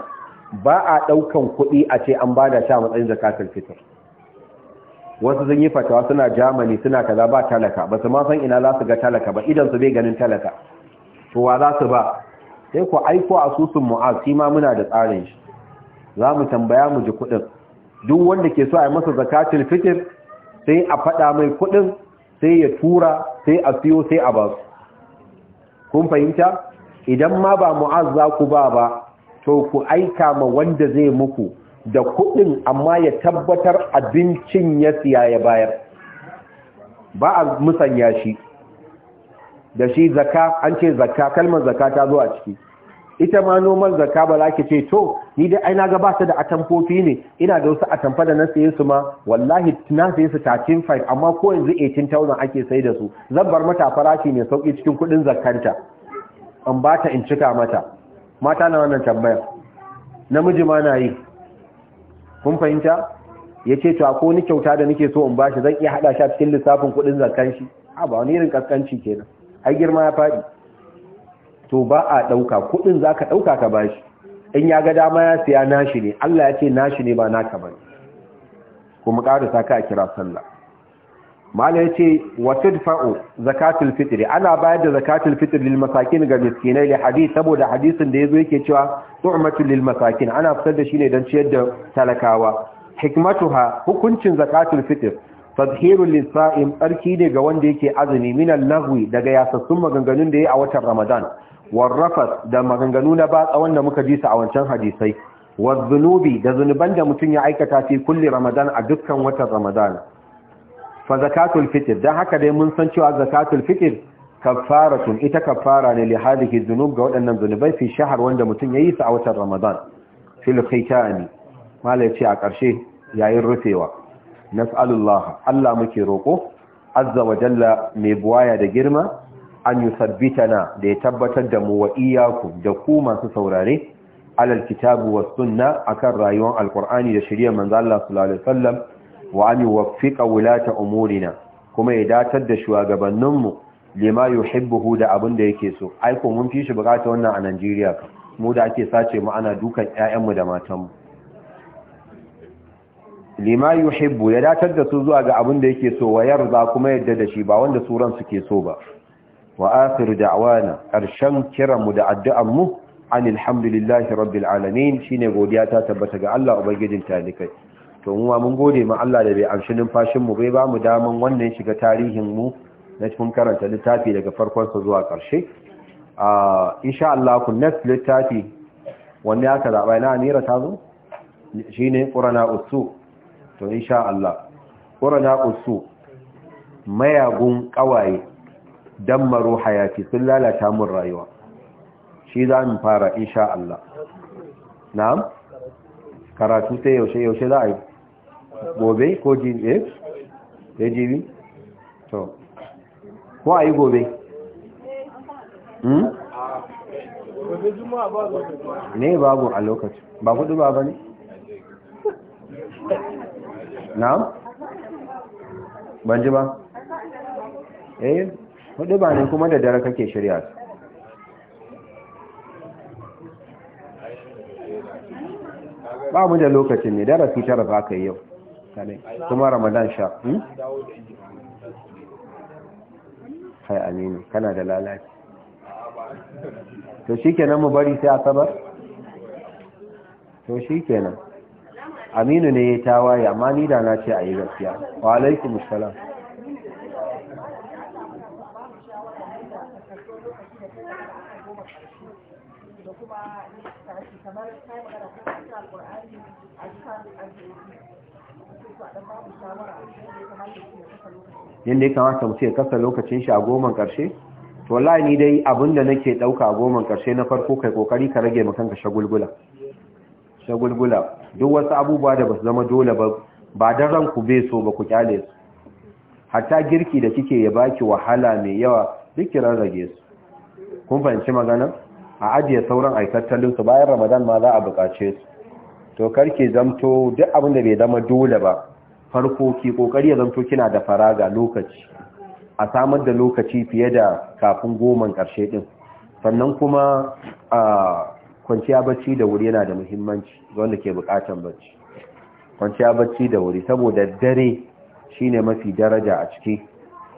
A: ba a daukan kuɗi a ce an bada sha matsayin zakatul fitar. wasu sun yi fatawa suna Germany suna kaza ba talaka ba su ma san ina za su ga talaka ba idan su bai ganin talaka to wa za su ba sai ku aiko asusun mu'az shi ma muna da tsarin shi za mu tambaya mu ji kuɗin duk wanda ke so a yi masa zakatul fitr sai a faɗa mai kuɗin sai ya tura sai a siyo sai a ba kun fahimta idan ma ba mu'az za ku ba ba to ku aika ma wanda zai muku da kuɗin amma ya tabbatar abincin ya siya ya bayar ba a musanya shi da shi zaka an ce zaka kalmar zaka ta zo a ciki ita ma noman zaka ba za ki ce to ni dai aina gaba ga ba ta da atamfofi ne ina da wasu atamfa da na saye su ma wallahi na saye su 135 amma ko yanzu 18000 ake sai da su zan bar mata farashi mai sauki cikin kuɗin zakanta an ba ta in cika mata mata na wannan tambaya namiji ma na yi kun fahimta ya ce to ko ni kyauta da nake so in bashi zan iya hada shi a cikin lissafin kudin zakan shi a ba wani irin kaskanci kenan ai girma ya faɗi. to ba a kuɗin kudin zaka ɗauka ka bashi in ya ga dama ya siya nashi ne Allah ya ce nashi ne ba naka ba kuma ƙara saka a kira sallah malai ce, wata tudfa'u zakatul fitri ana bayar da zakatul fitri lil ga miskinai da hadisi saboda hadisin da ya zo yake cewa tu'matul lil masakin ana fitar da shi ne dan ciyar da talakawa hikmatuha hukuncin zakatul fitr tadhhirul lisa'im tsarki ne ga wanda yake azumi Minan Nahwi, daga yasassun maganganun da yayi a watan ramadan Warrafas, da maganganu na tsawon da muka ji su a wancan hadisai wazunubi da zunuban da mutum ya aikata fi kulli ramadan a dukkan watan ramadan fa zakatul fitr dan haka dai mun san cewa zakatul fitr kaffaratun ita kaffara ne li hadhihi dhunub ga waɗannan zunubai fi shahar wanda mutum yayi sa a watan ramadan fil khitani mala yace a ƙarshe yayin rufewa nas'alullah Allah muke roko azza wa jalla mai buwaya da girma an yusabbitana da ya tabbatar da mu wa iyaku da ku masu saurare alal kitabu was sunna akan rayuwar alqur'ani da shari'ar manzo Allah sallallahu alaihi wasallam wa an yuwaffiqa wulata umurina kuma ya datar da shugabanninmu lima yuhibbu da abin da yake so ai ko mun fi shi bukata wannan a Najeriya mu da ake sace mu ana dukan ƴaƴanmu da matanmu lima yuhibbu ya datar da su zuwa ga abin da yake so wa yarda kuma yadda da shi ba wanda suran suke so ba wa akhiru da'wana karshen kiranmu da addu'an mu anil hamdulillahi rabbil alamin shine godiya ta tabbata ga Allah ubangijin talikai to mu mun gode ma Allah da bai amshi numfashin mu bai ba mu daman wannan shiga tarihin mu na cikin karanta littafi daga farkon sa zuwa ƙarshe a insha Allah ku next littafi wanda aka zaba na Amira ta zo shine Qurana Usu to insha Allah Qurana Usu mayagun kawaye dammaru hayati sun lalata mun rayuwa shi za mu fara insha Allah na'am karatu sai yaushe yaushe za a yi gobe ko jibi ya jibi to ko a yi gobe
B: hmm? ne
A: babu a lokaci ba kudu ba ba ne
B: na ban jima? ba
A: eh kudu ba ne kuma da dara kake shirya su ba mu da lokacin ne darasi tara ba ka yi yau kuma ramadan sha hmm? kai aminu kana da lalaki to shikenan mu bari sai asabar to shikenan aminu ne ya tawaye amma ni da na ce a yi gaskiya wa alaikumus salam yadda ya kamata mutu ya kasa lokacin shi a goman karshe to wallahi ni dai abinda nake dauka a goman karshe na farko kai kokari ka rage maka kanka shagulgula shagulgula duk wasu abubuwa da basu zama dole ba ba dan ranku bai so ba ku kyale su hatta girki da kike ya baki wahala mai yawa duk kiran rage su kun fahimci magana a ajiye sauran aikattalin su bayan ramadan ma za a bukace su to karki zamto duk abin da bai zama dole ba farko ki kokari ya zanto kina da faraga lokaci a samar da lokaci fiye da kafin goman karshe din sannan kuma a kwanciya bacci da wuri yana da muhimmanci wanda ke bukatan bacci kwanciya bacci da wuri saboda dare shine mafi daraja a ciki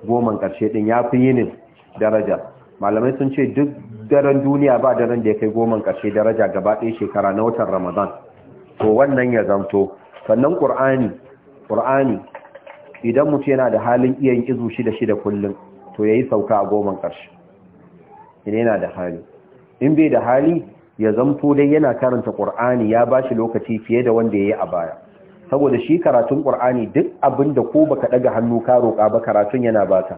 A: goman karshe din yafi yinin daraja malamai sun ce duk daren duniya ba daren da ya kai goman karshe daraja gaba ɗaya shekara na watan ramadan to wannan ya zanto sannan ƙur'ani. ƙur'ani idan mutu yana da halin iya yin izu shida shida kullum to ya yi sauka a goman ƙarshe ina yana da hali in bai da hali ya zamto dai yana karanta ƙur'ani ya ba shi lokaci fiye da wanda ya yi a baya saboda shi karatun ƙur'ani duk abin da ko baka ɗaga hannu ka roka ba karatun yana ba ta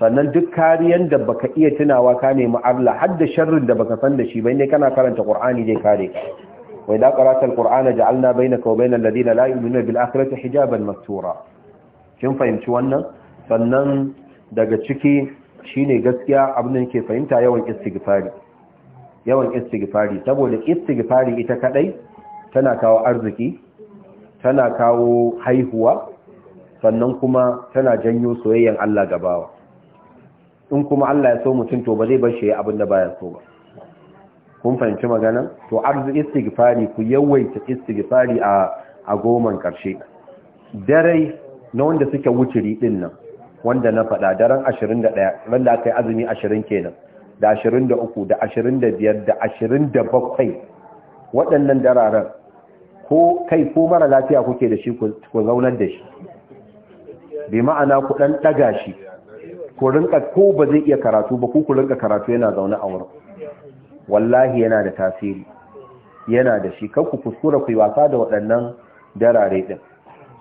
A: sannan duk kariyan da baka iya tunawa ka nemi Allah har da sharrin da baka san da shi bai ne kana karanta ƙur'ani zai kare ka وإذا قرأت القرآن جعلنا بينك وبين الذين لا يؤمنون بالآخرة حجابا مستورا kin fahimci wannan sannan daga ciki shine gaskiya abin da nake fahimta yawan istighfari yawan istighfari saboda istighfari ita kadai tana kawo arziki tana kawo haihuwa sannan kuma tana janyo soyayyen Allah gabawa in kuma Allah ya so mutum to ba zai bar shi abin da baya so ba kun fahimci magana? to arzu istighfari ku yawaita istighfari a a goman karshe dare na wanda suke wuciri din nan wanda na faɗa daren 21 wanda aka yi azumi 20 kenan da 23 da 25 da 27 waɗannan dararen ko kai ko mara lafiya kuke da shi ku zaunar da shi bi ma'ana ku ɗan ɗaga shi ku rinka ko ba zai iya karatu ba ku ku rinka karatu yana zaune a wurin wallahi yana da tasiri yana da shi kanku kuskura ku wasa da waɗannan darare ɗin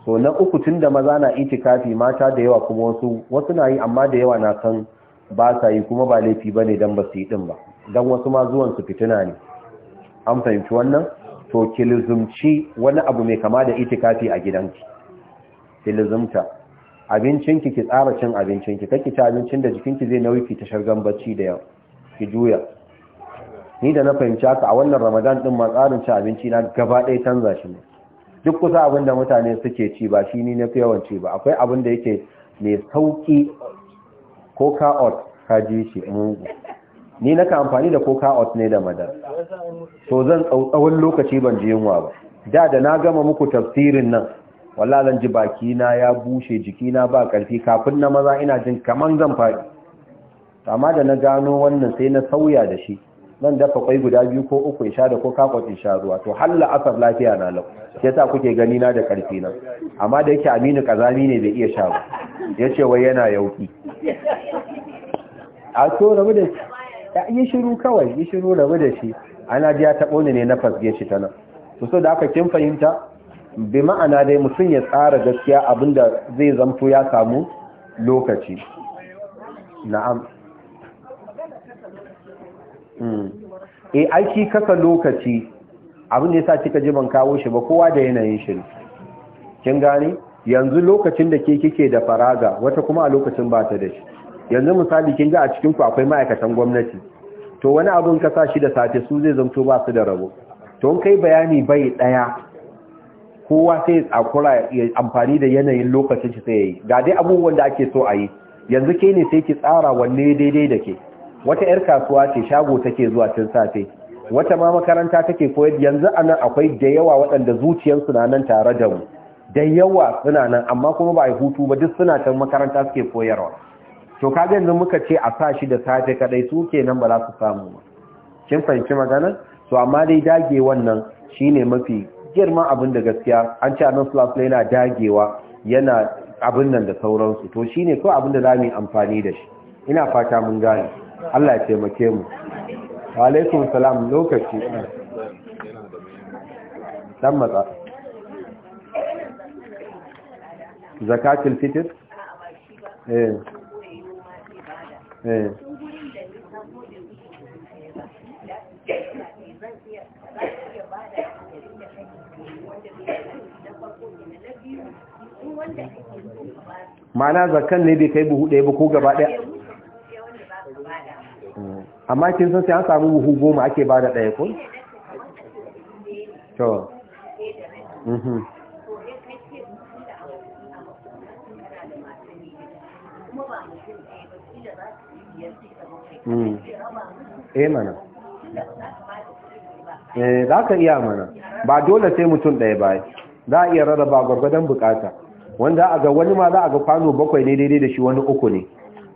A: so na uku tun da maza na itikafi mata da yawa kuma wasu wasu na yi amma da yawa na san ba sa yi kuma ba laifi ba ne don ba su yi ɗin ba don wasu ma zuwan su fitina ne an fahimci wannan to kilizumci wani abu mai kama da itikafi a gidanki kilizumta abincinki ki tsara cin abincinki kake ci abincin da jikinki zai nauyi ki ta shargan bacci da yau ki juya ni da na fahimci haka a wannan ramadan din ma tsarin ci abinci na gaba ɗaya canza shi ne duk kusa abin da mutane suke ci ba shi ni na fi yawan ci ba akwai abin da yake mai sauki ko ka'ot ka ji shi mungu ni na ka amfani da ko ka'ot ne da madar to zan tsawon lokaci ban ji yunwa ba da da na gama muku tafsirin nan wallahi ji baki na ya bushe jiki na ba karfi kafin na maza ina jin kaman zan faɗi amma da na gano wannan sai na sauya da shi zan dafa kwai guda biyu ko uku ya sha da ko kakwatin sha ruwa to halla asar lafiya na lau ya sa kuke gani na da karfi nan amma da yake aminu kazami ne bai iya sha ba ya ce wai yana yauki a to rabu da shi yi shiru kawai yi shiru rabu da shi ana ji ya taɓo ne na fasge shi ta nan to so da aka kin fahimta bi ma'ana dai mutum ya tsara gaskiya abinda zai zamto ya samu lokaci na'am e
B: eh, aiki kasa
A: lokaci abin da yasa kika ji ban kawo shi ba kowa da yanayin shi kin gane yanzu lokacin da ke kike da faraga wata kuma a lokacin ba ta da shi yanzu misali kin ga a cikin ku akwai ma'aikatan gwamnati to wani abin ka sa shi da safe su zai zanto ba su da rabo to in kai bayani bai daya kowa sai ya tsakura ya amfani da yanayin lokacin shi sai yayi ga dai abubuwan da ake so a yi yanzu ke ne sai ki tsara wanne daidai da ke wata 'yar kasuwa ce shago take zuwa tun safe wata ma makaranta take koyar yanzu anan akwai da yawa waɗanda zuciyarsu na nan tare da mu da yawa suna nan amma kuma ba a yi hutu ba duk suna can makaranta suke koyarwa to kaga yanzu muka ce a sa shi da safe kadai su nan ba za su samu ba kin fahimci magana to amma dai dage wannan shine mafi girman abin da gaskiya an ce anan sallallahu yana dagewa yana abin nan da sauransu to shine ko abin da za mu yi amfani da shi ina fata mun gane Allah ya taimake mu Wa alaikum salam lokaci dan matsa
B: zakatul fitr
A: eh eh ma'ana zakan ne bai kai buhu ɗaya ba ko gaba ɗaya
B: amma kin san sai an samu buhu goma ake ba da ɗaya ko? to mhm mm.
A: eh, mana eh, za ka iya mana ba dole sai mutum ɗaya ba za a iya rarraba gwargwadon bukata wanda a ga wani ma za a ga kwano bakwai ne daidai da shi wani uku ne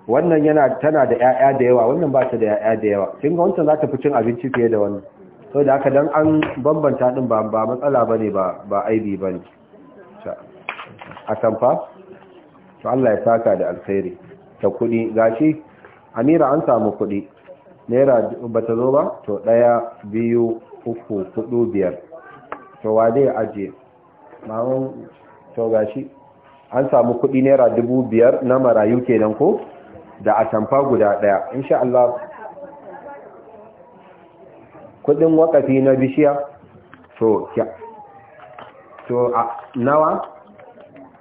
A: wannan yana tana da ƴaƴa da yawa wannan ba ta da ƴaƴa da yawa kin ga wancan za ta fi cin abinci fiye da wannan saboda haka dan an bambanta din ba ba matsala bane ba ba aibi bane a tamfa to Allah ya saka da alkhairi ta kudi gashi Amira an samu kudi naira bata zo ba to daya biyu uku hudu biyar to wa dai aje mamun to gashi an samu kudi naira dubu biyar na marayu kenan ko da atamfa guda daya insha Allah kudin wakafi na bishiya to ya to nawa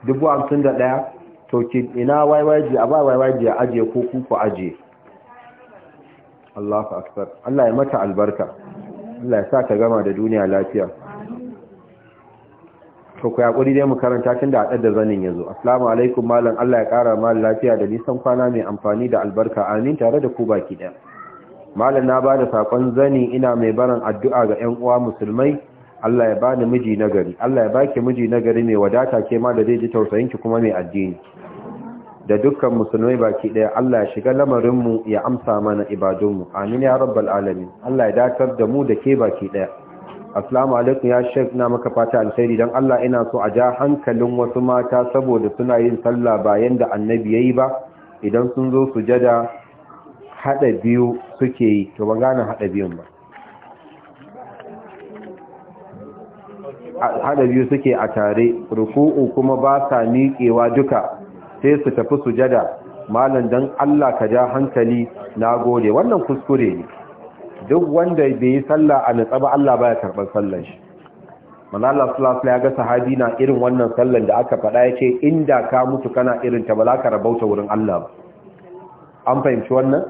A: dubu hamsin da daya to ki ina waiwaji a ba waiwaji a ajiye ko kuku ajiye Allah akbar Allah ya mata albarka Allah ya sa ka gama da duniya lafiya to ku yaƙuri dai mu karanta tun da haɗar da zanen ya zo assalamu alaikum malam allah ya ƙara mali lafiya da nisan kwana mai amfani da albarka amin tare da ku baki ɗaya malam na ba da saƙon zani ina mai barin addu'a ga 'yan uwa musulmai allah ya bani miji nagari allah ya baki miji nagari mai wadata ke ma da zai ji tausayin ki kuma mai addini da dukkan musulmai baki ɗaya Allah ya shiga lamarinmu ya amsa mana ibadunmu amin ya rabbal alamin Allah ya datar da mu da ke baki ɗaya assalamu alaikum ya shek na maka fata alkhairi dan Allah ina so a ja hankalin wasu mata saboda suna yin sallah bayan da annabi yayi ba idan sun zo sujada hada biyu suke yi to ban gane hada biyun ba hada biyu suke a tare ruku'u kuma ba sa miƙewa duka sai su tafi sujada malam dan Allah ka ja hankali nagode wannan kuskure ne duk wanda bai yi sallah a nutsa ba Allah baya karɓar sallar shi mana Allah sallallahu ya ga sahabi na irin wannan sallar da aka faɗa ya ce inda ka mutu kana irin ta ba za ka rabauta wurin Allah ba an fahimci wannan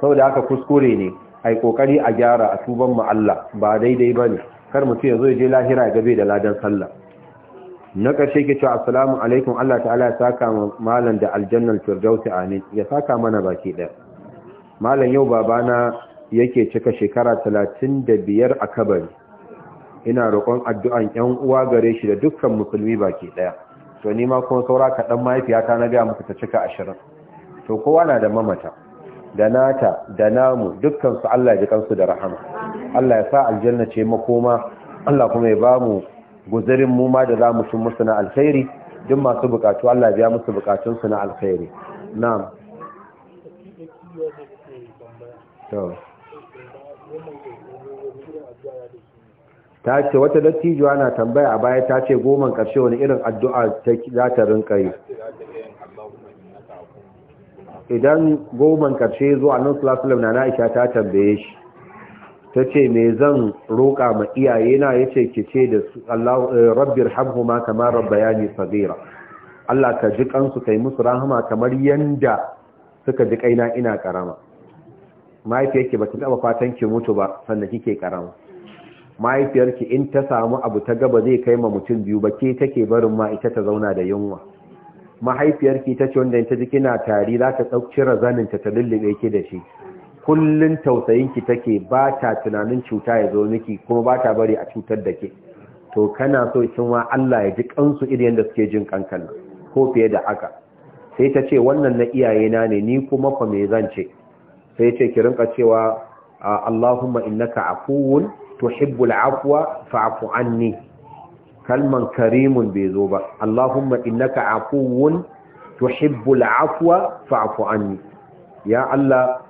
A: saboda haka kuskure ne ai kokari a gyara a tuban mu Allah ba daidai bane kar mutum ya zo ya je lahira ya gabe da ladan sallah na ƙarshe ke cewa assalamu alaikum Allah ta'ala ya saka malam da aljannar firdausi amin ya saka mana baki ɗaya malam yau babana yake cika shekara talatin da biyar a kabari ina roƙon addu'an ‘yan uwa gare shi da dukkan musulmi baki ɗaya to nima kuma saura kaɗan mahaifiyata na gaya muku ta cika ashirin to kowa na da mamata da nata da namu dukkansu Allah ya ji kansu da rahama Allah ya sa aljanna ce makoma Allah kuma ya ba mu guzurin mu ma da za mu cin musu na alkhairi duk masu bukatu Allah ya biya musu bukatunsu na alkhairi na'am to ta ce wata dattijuwa na tambaya a baya ta ce goman ƙarshe wani irin addu'a za ta rinka yi idan goman ƙarshe zuwa nan sulasulam na na'isha ta tambaye shi ta ce me zan roƙa ma iyaye na ya ce ki ce da eh, rabbi hamhu ma kamar ne sabira Allah ka ji kansu kai musu rahama kamar yanda suka ji kaina ina karama mahaifiyarki ba ki taɓa fatan ki mutu ba sannan kike karama mahaifiyarki in ta samu abu ta gaba zai kai ma mutum biyu ba ke take barin ma ita ta zauna da yunwa mahaifiyarki ta ce wanda ta ji kina tari za ta ɗauki razanin ta lullube ki da shi kullun tausayinki take ba ta tunanin cuta ya zo miki kuma ba ta bari a cutar da ke to kana so kin ma Allah ya ji kansu irin yadda suke jin kankan ko fiye da haka sai ta ce wannan na iyaye na ne ni kuma fa me zan ce sai ce ki rinka cewa Allahumma innaka afuwun tuhibbu al'afwa fa'fu anni kalman karimun bai zo ba Allahumma innaka afuwun tuhibbu al'afwa fa'fu anni ya Allah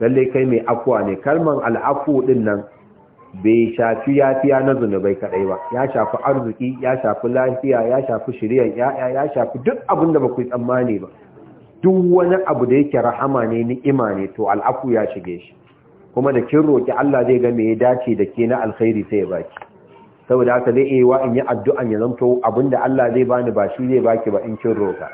A: lallai kai mai afuwa ne kalman al'afu din nan bai shafi yafiya na zunubai kadai ba ya shafi arziki ya shafi lafiya ya shafi shiriyar ya'ya ya shafi duk abinda da tsammani ba duk wani abu da yake rahama ne ni'ima ne to al'afu ya shige shi kuma da kin roki Allah zai ga me ya dace da ke na alkhairi sai ya baki saboda haka zai iya wa in yi addu'an ya zanto abinda Allah zai bani ba shi zai baki ba in kin roka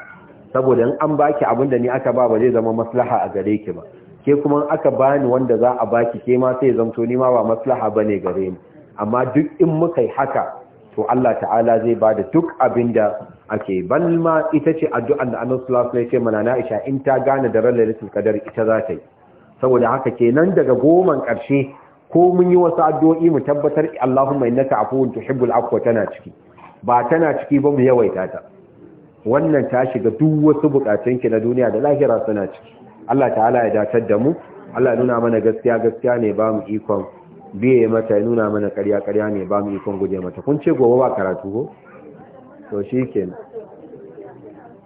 A: saboda in an baki abinda ni aka ba ba zai zama maslaha a gare ki ba ke kuma aka bani wanda za a baki ke ma sai zanto ni ma ba maslaha bane gare ni amma duk in muka yi haka to Allah ta'ala zai ba da duk abinda ake ban ma ita ce addu'an da Annabi sallallahu alaihi wasallam ya ce mana na in ta gane da daren Lailatul Qadar ita za ta yi saboda haka ke nan daga goman ƙarshe ko mun yi wasu addu'o'i mu tabbatar Allahumma innaka afuwun tuhibbul afwa tana ciki ba tana ciki ba mu yawaita ta wannan ta shiga duk wasu bukatun ki na duniya da lahira suna ciki Allah ta'ala ya datar da mu Allah nuna mana gaskiya gaskiya ne ba mu ikon biye mata ya nuna mana ƙarya ƙarya ne ba mu ikon guje mata kun ce gobe ba karatu ko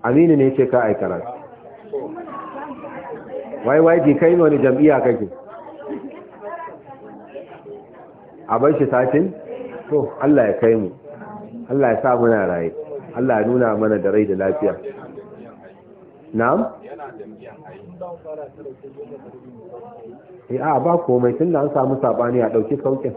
A: Aminu ne ka ai karatu
B: Wai wai ji kai wani jam'iyya kake
A: a bar shi satin to allah ya kai mu allah ya sa muna raye allah ya nuna mana da rai da lafiya na'am Eh a ba komai tun da an samu sabani a ɗauki saukin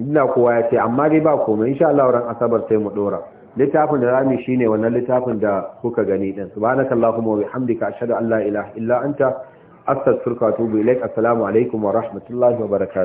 A: ina kowa ya ce amma dai ba komai insha Allah ran asabar sai mu dora littafin da zamu shine wannan littafin da kuka gani din subhanakallahumma wa bihamdika ashhadu an la ilaha illa anta astaghfiruka wa atubu ilaik assalamu alaikum wa rahmatullahi wa barakatuh